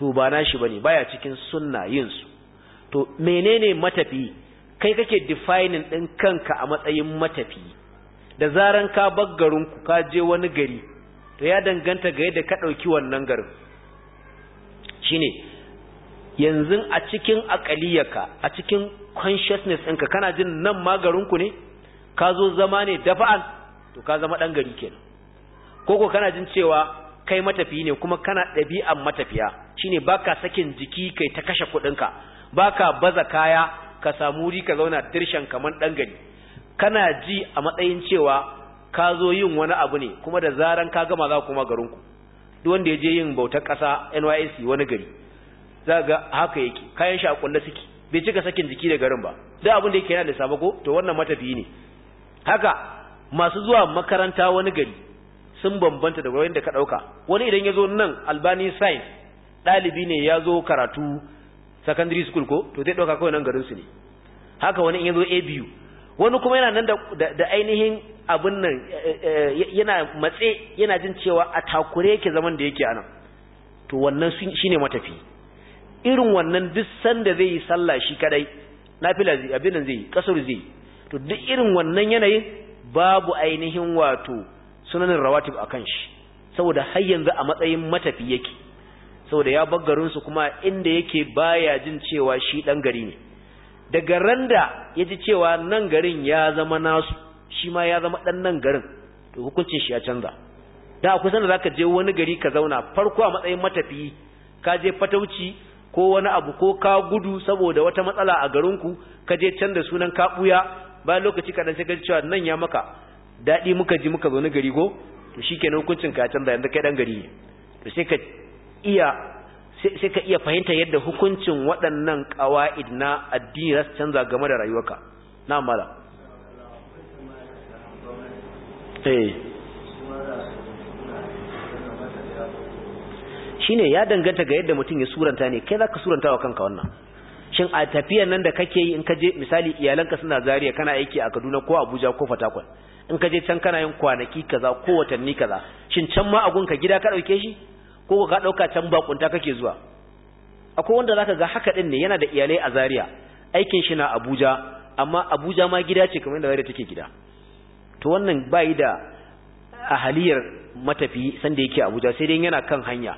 to ba nashi bane baya cikin sunna yinsu. to menene matafi kai kake defining din kanka a matsayin matafi da zaran ka bar garinku ka je wani gari to ya danganta ga yadda ka ɗauki wannan garin shine yanzu a cikin akaliyaka a cikin consciousness ɗinka kana jin nan ma garinku ku ne ka zo zama ne dafa'an to ka zama dan gari kenan koko kana jin cewa kai matafi ne kuma kana ɗabi'an matafiya shine baka sakin jiki kai ta kashe kuɗinka baka baza kaya ka samu wuri ka zauna tirshen kaman ɗan gari kana ji a matsayin cewa ka zo yin wani abu ne kuma da zaran ka gama za kuma garinku duk wanda ya je yin bautar ƙasa NYSC wani gari za ga haka yake kayan shi a kulle suke bai cika sakin jiki da garin ba duk abin da yake yana da sabako to wannan matafiyi ne haka masu zuwa makaranta wani gari sun bambanta da wanda ka dauka wani idan yazo nan albani science dalibi ne yazo karatu secondary school ko to zai dauka kawai nan garin su ne haka wani in yazo ABU wani kuma yana nan da ainihin abun nan eh, eh, eh, yana matse yana jin cewa a takure yake zaman da yake anan to wannan shine matafi irin wannan duk sanda zai yi sallah shi kadai nafila zai abin nan zai yi kasar zai to duk irin wannan yanayin babu ainihin wato sunanin rawatib a kan shi saboda har yanzu a matsayin matafi yake saboda ya bar garinsu kuma inda yake baya jin cewa shi ɗan gari ne daga randa ya ji cewa nan garin ya zama nasu shi ma ya zama ɗan nan garin to hukuncin shi ya canza da akwai sanda ka je wani gari ka zauna farko a matsayin matafi ka je fatauci ko wani abu ko ka gudu saboda wata matsala a garinku ka je can da sunan ka bayan lokaci kaɗan sai ka ji cewa nan ya maka daɗi muka ji muka zaune gari ko to shi kenan hukuncin ka canza yanzu kai ɗan gari to sai ka iya sai ka iya fahimta yadda hukuncin waɗannan ƙawa'id na addini za su canza game da rayuwarka na mala eh. shi ne ya danganta ga yadda mutum ya suranta ne kai za ka suranta wa kanka wannan shin a tafiyan nan da kake yi in ka je misali iyalanka suna zariya kana aiki a kaduna ko abuja ko fatakwal in ka je can kana yin kwanaki kaza ko watanni kaza shin can ma agun ka gida ka dauke shi ko ka dauka can bakunta kake zuwa akwai wanda zaka ga haka din ne yana da iyalai a Zaria aikin shi na Abuja amma Abuja ma gida ce kamar inda Zaria take gida to wannan bai da ahaliyar matafi san sanda yake Abuja sai dai yana kan hanya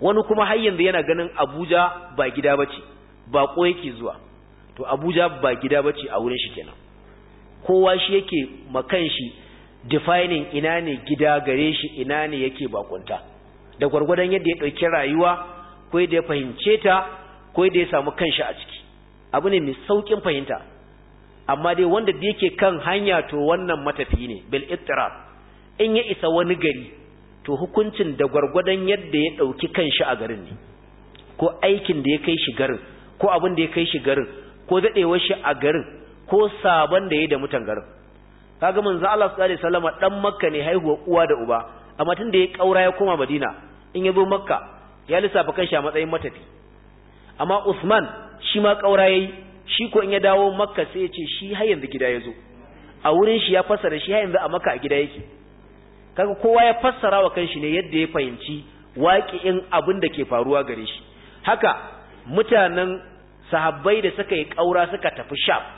wani kuma har yanzu yana ganin Abuja ba gida bace ba ko yake zuwa to Abuja ba gida bace a wurin shi kenan kowa shi yake makan shi defining ina ne gida gare shi ina ne yake bakunta da gwargwadon yadda ya ɗauki rayuwa ko yadda ya fahimce ta ko yadda ya samu kanshi a ciki abu ne mai saukin fahimta amma dai wanda da yake kan hanya to wannan matafi ne bil ittirab in ya isa wani gari to hukuncin da gwargwadon yadda ya ɗauki kanshi a garin ne ko aikin da ya kai shi garin ko abin da ya kai shi garin ko daɗewar shi a garin ko sabon da yayi da mutan garin kaga manzo Allah sallallahu alaihi wasallam dan makka ne haihuwa uwa da uba amma tun da ya kaura ya koma madina in ya zo makka ya lissafa kanshi a matsayin matafi amma Usman shi ma kaura yayi shi ko in ya dawo makka sai ya ce shi har yanzu gida ya zo a wurin shi ya fassara shi har yanzu a makka a gida yake kaga kowa ya fassara wa kanshi ne yadda ya fahimci waƙi'in abin da ke faruwa gare shi haka mutanen sahabbai da suka yi kaura suka tafi shaf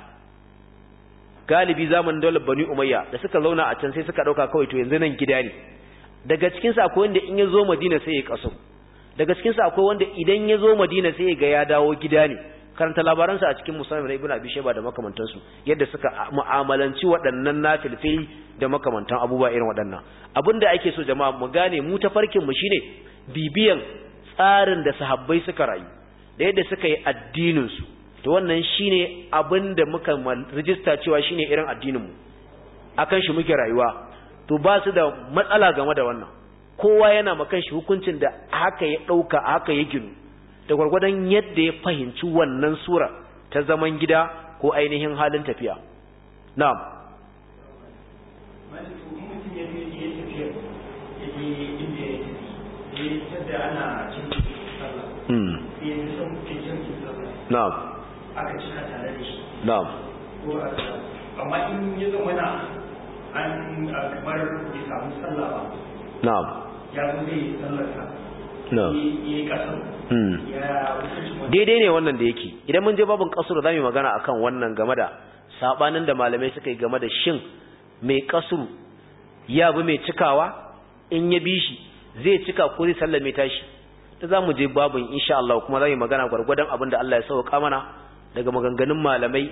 galibi zamanin daular bani umayya da suka zauna a can sai suka dauka kawai to yanzu nan gida ne daga cikin sa akwai wanda in ya zo madina sai ya kaso daga cikin sa akwai wanda idan ya zo madina sai ya ga ya dawo gida ne karanta sa a cikin musamman da Ibnu abi da makamantansu yadda suka mu'amalanci waɗannan nafilfili da makamantan abubuwa irin waɗannan abinda ake so jama'a mu gane mu tafarkin mu shine bibiyan tsarin da sahabbai suka rayu da yadda suka yi addinin su to wannan shine abin da muka rijista cewa shine irin addinin mu akan shi muke rayuwa to ba su da matsala game da wannan kowa yana makan shi hukuncin da haka ya dauka haka ya ginu da gwargwadon yadda ya fahimci wannan sura ta zaman gida ko ainihin halin tafiya na'am na'am aka cika tare da shi na'am amma in ya zama na an kamar bai samu sallah ba na'am ya zo zai yi sallarsa na'am ya yi kasar hmm. daidai ne wannan da yake idan mun je babin kasuru za mu yi magana akan wannan game da sabanin da malamai suka yi game da shin mai kasuru ya bi mai cikawa in ya bi shi zai cika ko zai sallame tashi ta za mu je babin insha Allah kuma za mu yi magana gwargwadon abin da Allah ya sauka mana daga maganganun malamai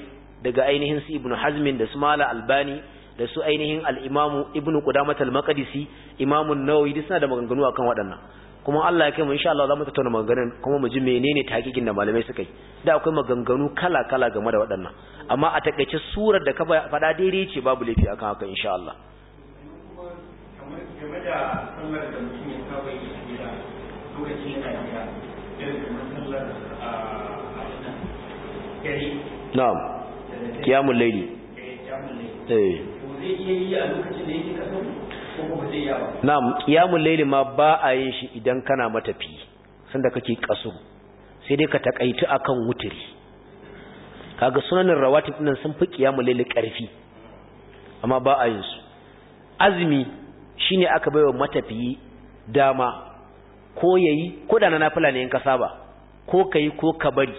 daga ainihin su ibnu hazmin da su mala albani da su ainihin alimamu ibnu qudamah al-maqdisi imamu nawawi duk suna da maganganu akan waɗannan kuma Allah ya kai mu insha Allah za mu tattauna maganganun kuma mu ji menene takikin da malamai suka yi da akwai maganganu kala kala game da waɗannan amma a takaice surar da ka faɗa daidai ce babu laifi akan haka insha Allah Thank da Kiyamun na'am eh, eh. layli ma ba a yin shi idan kana matafi sanda kake kaso, sai dai ka takaitu akan wuturi kaga sunanin rawatib nan sun fi kiyamun layli karfi amma ba a yin su azumi shine aka baiwa matafi dama ko yayi ko da na nafila ne in ka saba ko kai ko ka bari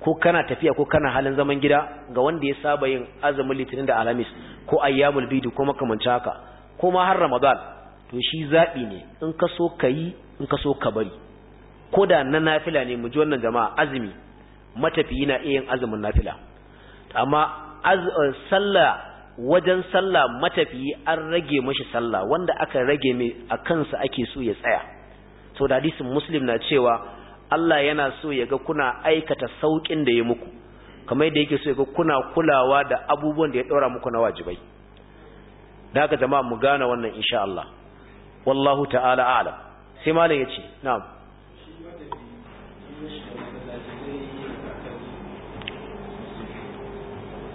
ko kana tafiya ko kana halin zaman gida ga wanda ya saba yin azumin litinin da alhamis ko ayyamul bidi ko makamancin haka ko ma har ramadan to shi zabi ne in ka so ka yi in ka so ka bari ko da na nafila ne mu ji wannan jama'a azumi matafiyi na iya yin azumin nafila amma eh, sallah wajen sallah matafiyi an rage mashi sallah wanda aka rage mai a kansa ake so ya tsaya so da hadisin muslim na cewa Allah yana so ya ga kuna aikata saukin da ya muku kamar yadda yake so ya ga kuna kulawa da abubuwan da ya ɗora muku na wajibai da haka jama'a mu gane wannan insha Allah wallahu ta'ala a'lam sai malam yace na'am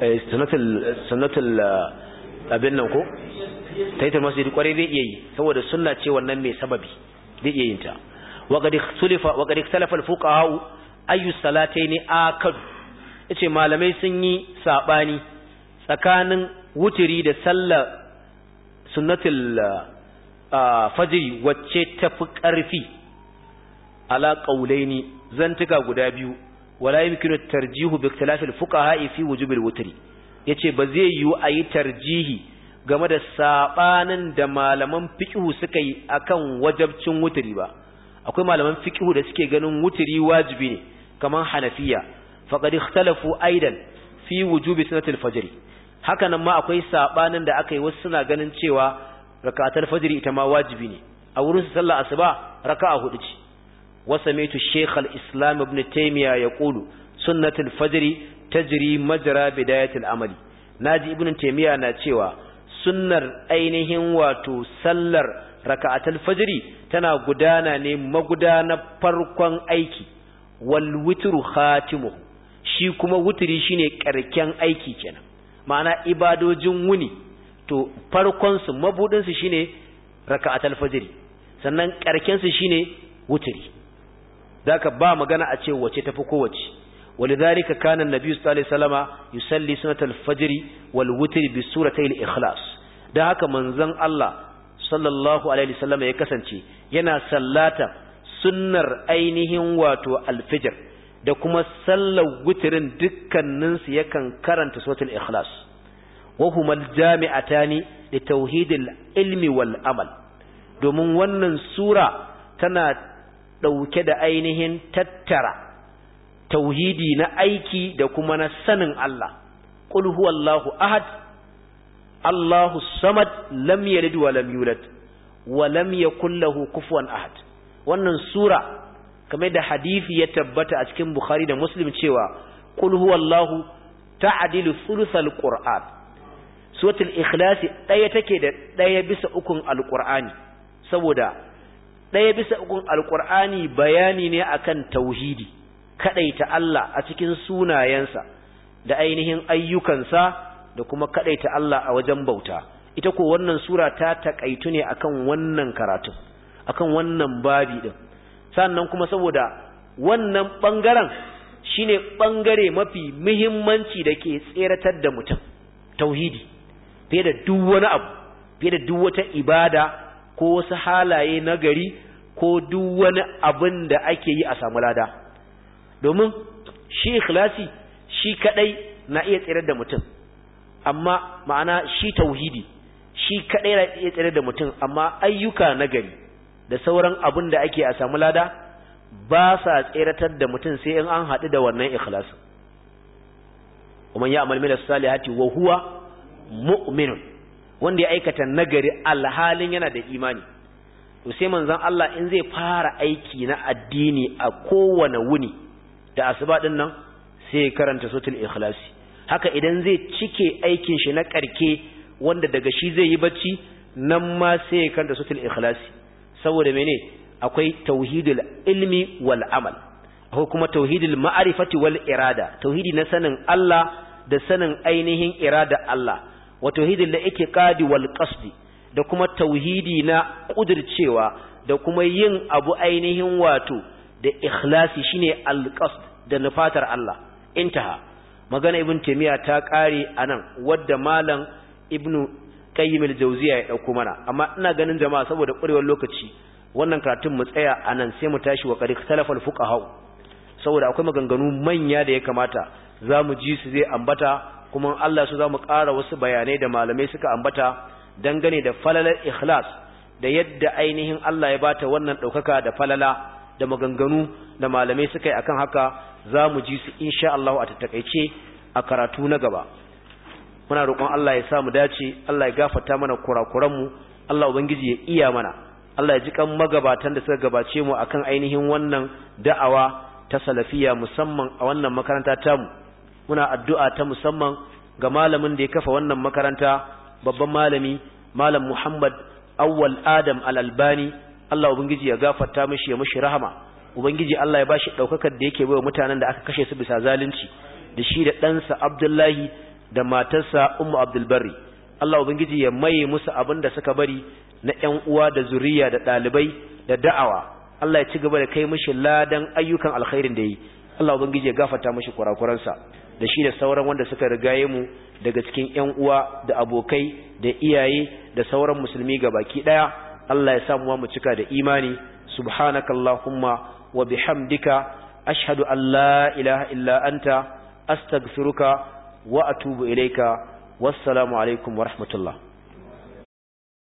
eh sanatul sanatul eh, abin nan ko taitul masjid kwarai zai iya yi saboda sunna ce wannan mai sababi zai iya yin ta وقد اختلف وقد اختلف الفقهاء اي الصلاتين اكد yace malamai sun yi saɓani, tsakanin wuturi da sallar sunnatul Fajiri wacce tafi karfi ala qaulaini zantuka guda biyu wala yumkinu tarjihu bi ikhtilafil fuqaha fi wujubil wutri yace ba zai yiwu ayi tarjihi game da saɓanin da malaman fikihu suka yi akan wajabcin wuturi ba akwai malaman fiqhu da suke ganin wutiri wajibi ne kaman hanafiya faqad ikhtalafu aidan fi wujubi sunnatul fajr haka nan ma akwai sabanin da aka yi wasu suna ganin cewa rakatul fajr ita ma wajibi ne a wurin sallar asuba raka'a hudu ce wasamaitu shaykh al-islam ibn taymiya yaqulu sunnatul fajr tajri majra bidayatil amali naji ibn taymiya na cewa sunnar ainihin wato sallar raka'atul fajri tana gudana ne magudanar farkon aiki wal witru shi kuma wutiri shine karken aiki kenan ma'ana ibadojin wuni to farkon su mabudin su shine raka'atul fajri sannan karken su shine wutiri zaka ba magana a ce wace tafi kowace ولذلك كان النبي صلى الله عليه وسلم يصلي سنة الفجر والوتر بسورتي الإخلاص da haka manzon Allah sallallahu alaihi wasallam ya kasance yana sallata sunnar ainihin wato alfijir da kuma sallar gutirin dukkanin su yakan karanta suratul ikhlas wa jami'ata aljami'atani li tauhidil ilmi wal amal domin wannan sura tana dauke da ainihin tattara tauhidi na aiki da kuma na sanin Allah qul huwallahu ahad Allahu samad lam yalid wa lam yulad wa lam yakul lahu kufuwan ahad wannan sura kamar da hadisi ya tabbata a cikin Bukhari da Muslim cewa qul huwallahu ta'dilu thuluthal qur'an suratul ikhlas daya take da daya bisa ukun alqur'ani saboda daya bisa ukun alqur'ani bayani ne akan tauhidi kadaita Allah a cikin sunayensa da ainihin ayyukansa da kuma kadaita Allah a wajen bauta ita ko wannan sura ta takaitu ne akan wannan karatu akan wannan babi din sannan kuma saboda wannan bangaren shine bangare mafi muhimmanci da ke tseratar da mutum tauhidi fiye da duk wani abu fiye da duk wata ibada ko wasu halaye nagari ko duk wani abin da ake yi a samu lada domin shi ikhlasi shi kadai na iya tsirar da mutum amma ma'ana shi tauhidi shi kadai ya tsare da mutum amma ayyuka nagari da sauran abin da ake a samu lada ba sa tseratar da mutum sai in an haɗu da wannan ikhlasin ومن يعمل من wa huwa mu'min wanda ya aikata nagari alhalin yana da imani to sai manzon Allah in zai fara aiki na addini a kowane wuni da asuba din nan sai karanta suratul ikhlasi haka idan zai cike aikin shi na karke wanda daga shi zai yi bacci nan ma sai ya karanta sutul ikhlasi saboda mene akwai tauhidul ilmi wal amal akwai kuma tauhidul ma'arifati wal irada tauhidi na sanin Allah da sanin ainihin irada Allah wa tauhidul la wal qasdi da kuma tauhidi na kudircewa da kuma yin abu ainihin wato da ikhlasi shine al qasd da nufatar Allah intaha magana ibn taymiya ta kare anan wadda malam ibnu qayyim al-jawziya ya dauko mana amma ina ganin jama'a saboda kurewar lokaci wannan karatun mu tsaya anan sai mu tashi wa qari al fuqaha saboda akwai maganganu manya da ya kamata zamu ji su zai ambata kuma Allah su zamu ƙara wasu bayanai da malamai suka ambata dangane da falalar ikhlas da yadda ainihin Allah ya bata wannan daukaka da falala da maganganu da malamai suka yi akan haka za mu ji su insha Allah a tattakaice a karatu na gaba muna roƙon Allah ya sa mu dace Allah ya gafata mana kurakuranmu Allah ubangiji ya iya mana Allah ya ji kan magabatan da suka gabace mu akan ainihin wannan da'awa ta salafiya musamman a wannan makaranta tamu muna addu'a ta musamman ga malamin da ya kafa wannan makaranta babban malami malam Muhammad Awwal Adam Al-Albani Allah ubangiji ya gafata mishi ya mishi rahama ubangiji Allah ya bashi daukakar da yake baiwa mutanen da aka kashe su bisa zalunci da shi da ɗansa Abdullahi da matarsa Ummu Abdul Barri Allah ubangiji ya maye musu abin da suka bari na ƴan uwa da zuriya da ɗalibai da da'awa Allah ya ci gaba da kai mishi ladan ayyukan alkhairin da yi Allah ubangiji ya gafarta mishi kurakuransa da shi da sauran wanda suka rigaye mu daga cikin ƴan uwa da abokai da iyaye da sauran musulmi gabaki daya Allah ya samu mu cika da imani subhanakallahumma wa bihamdika ashhadu an la ilaha illa anta astag suruka wa atubu ilayka wassalamu alaikum wa rahmatullah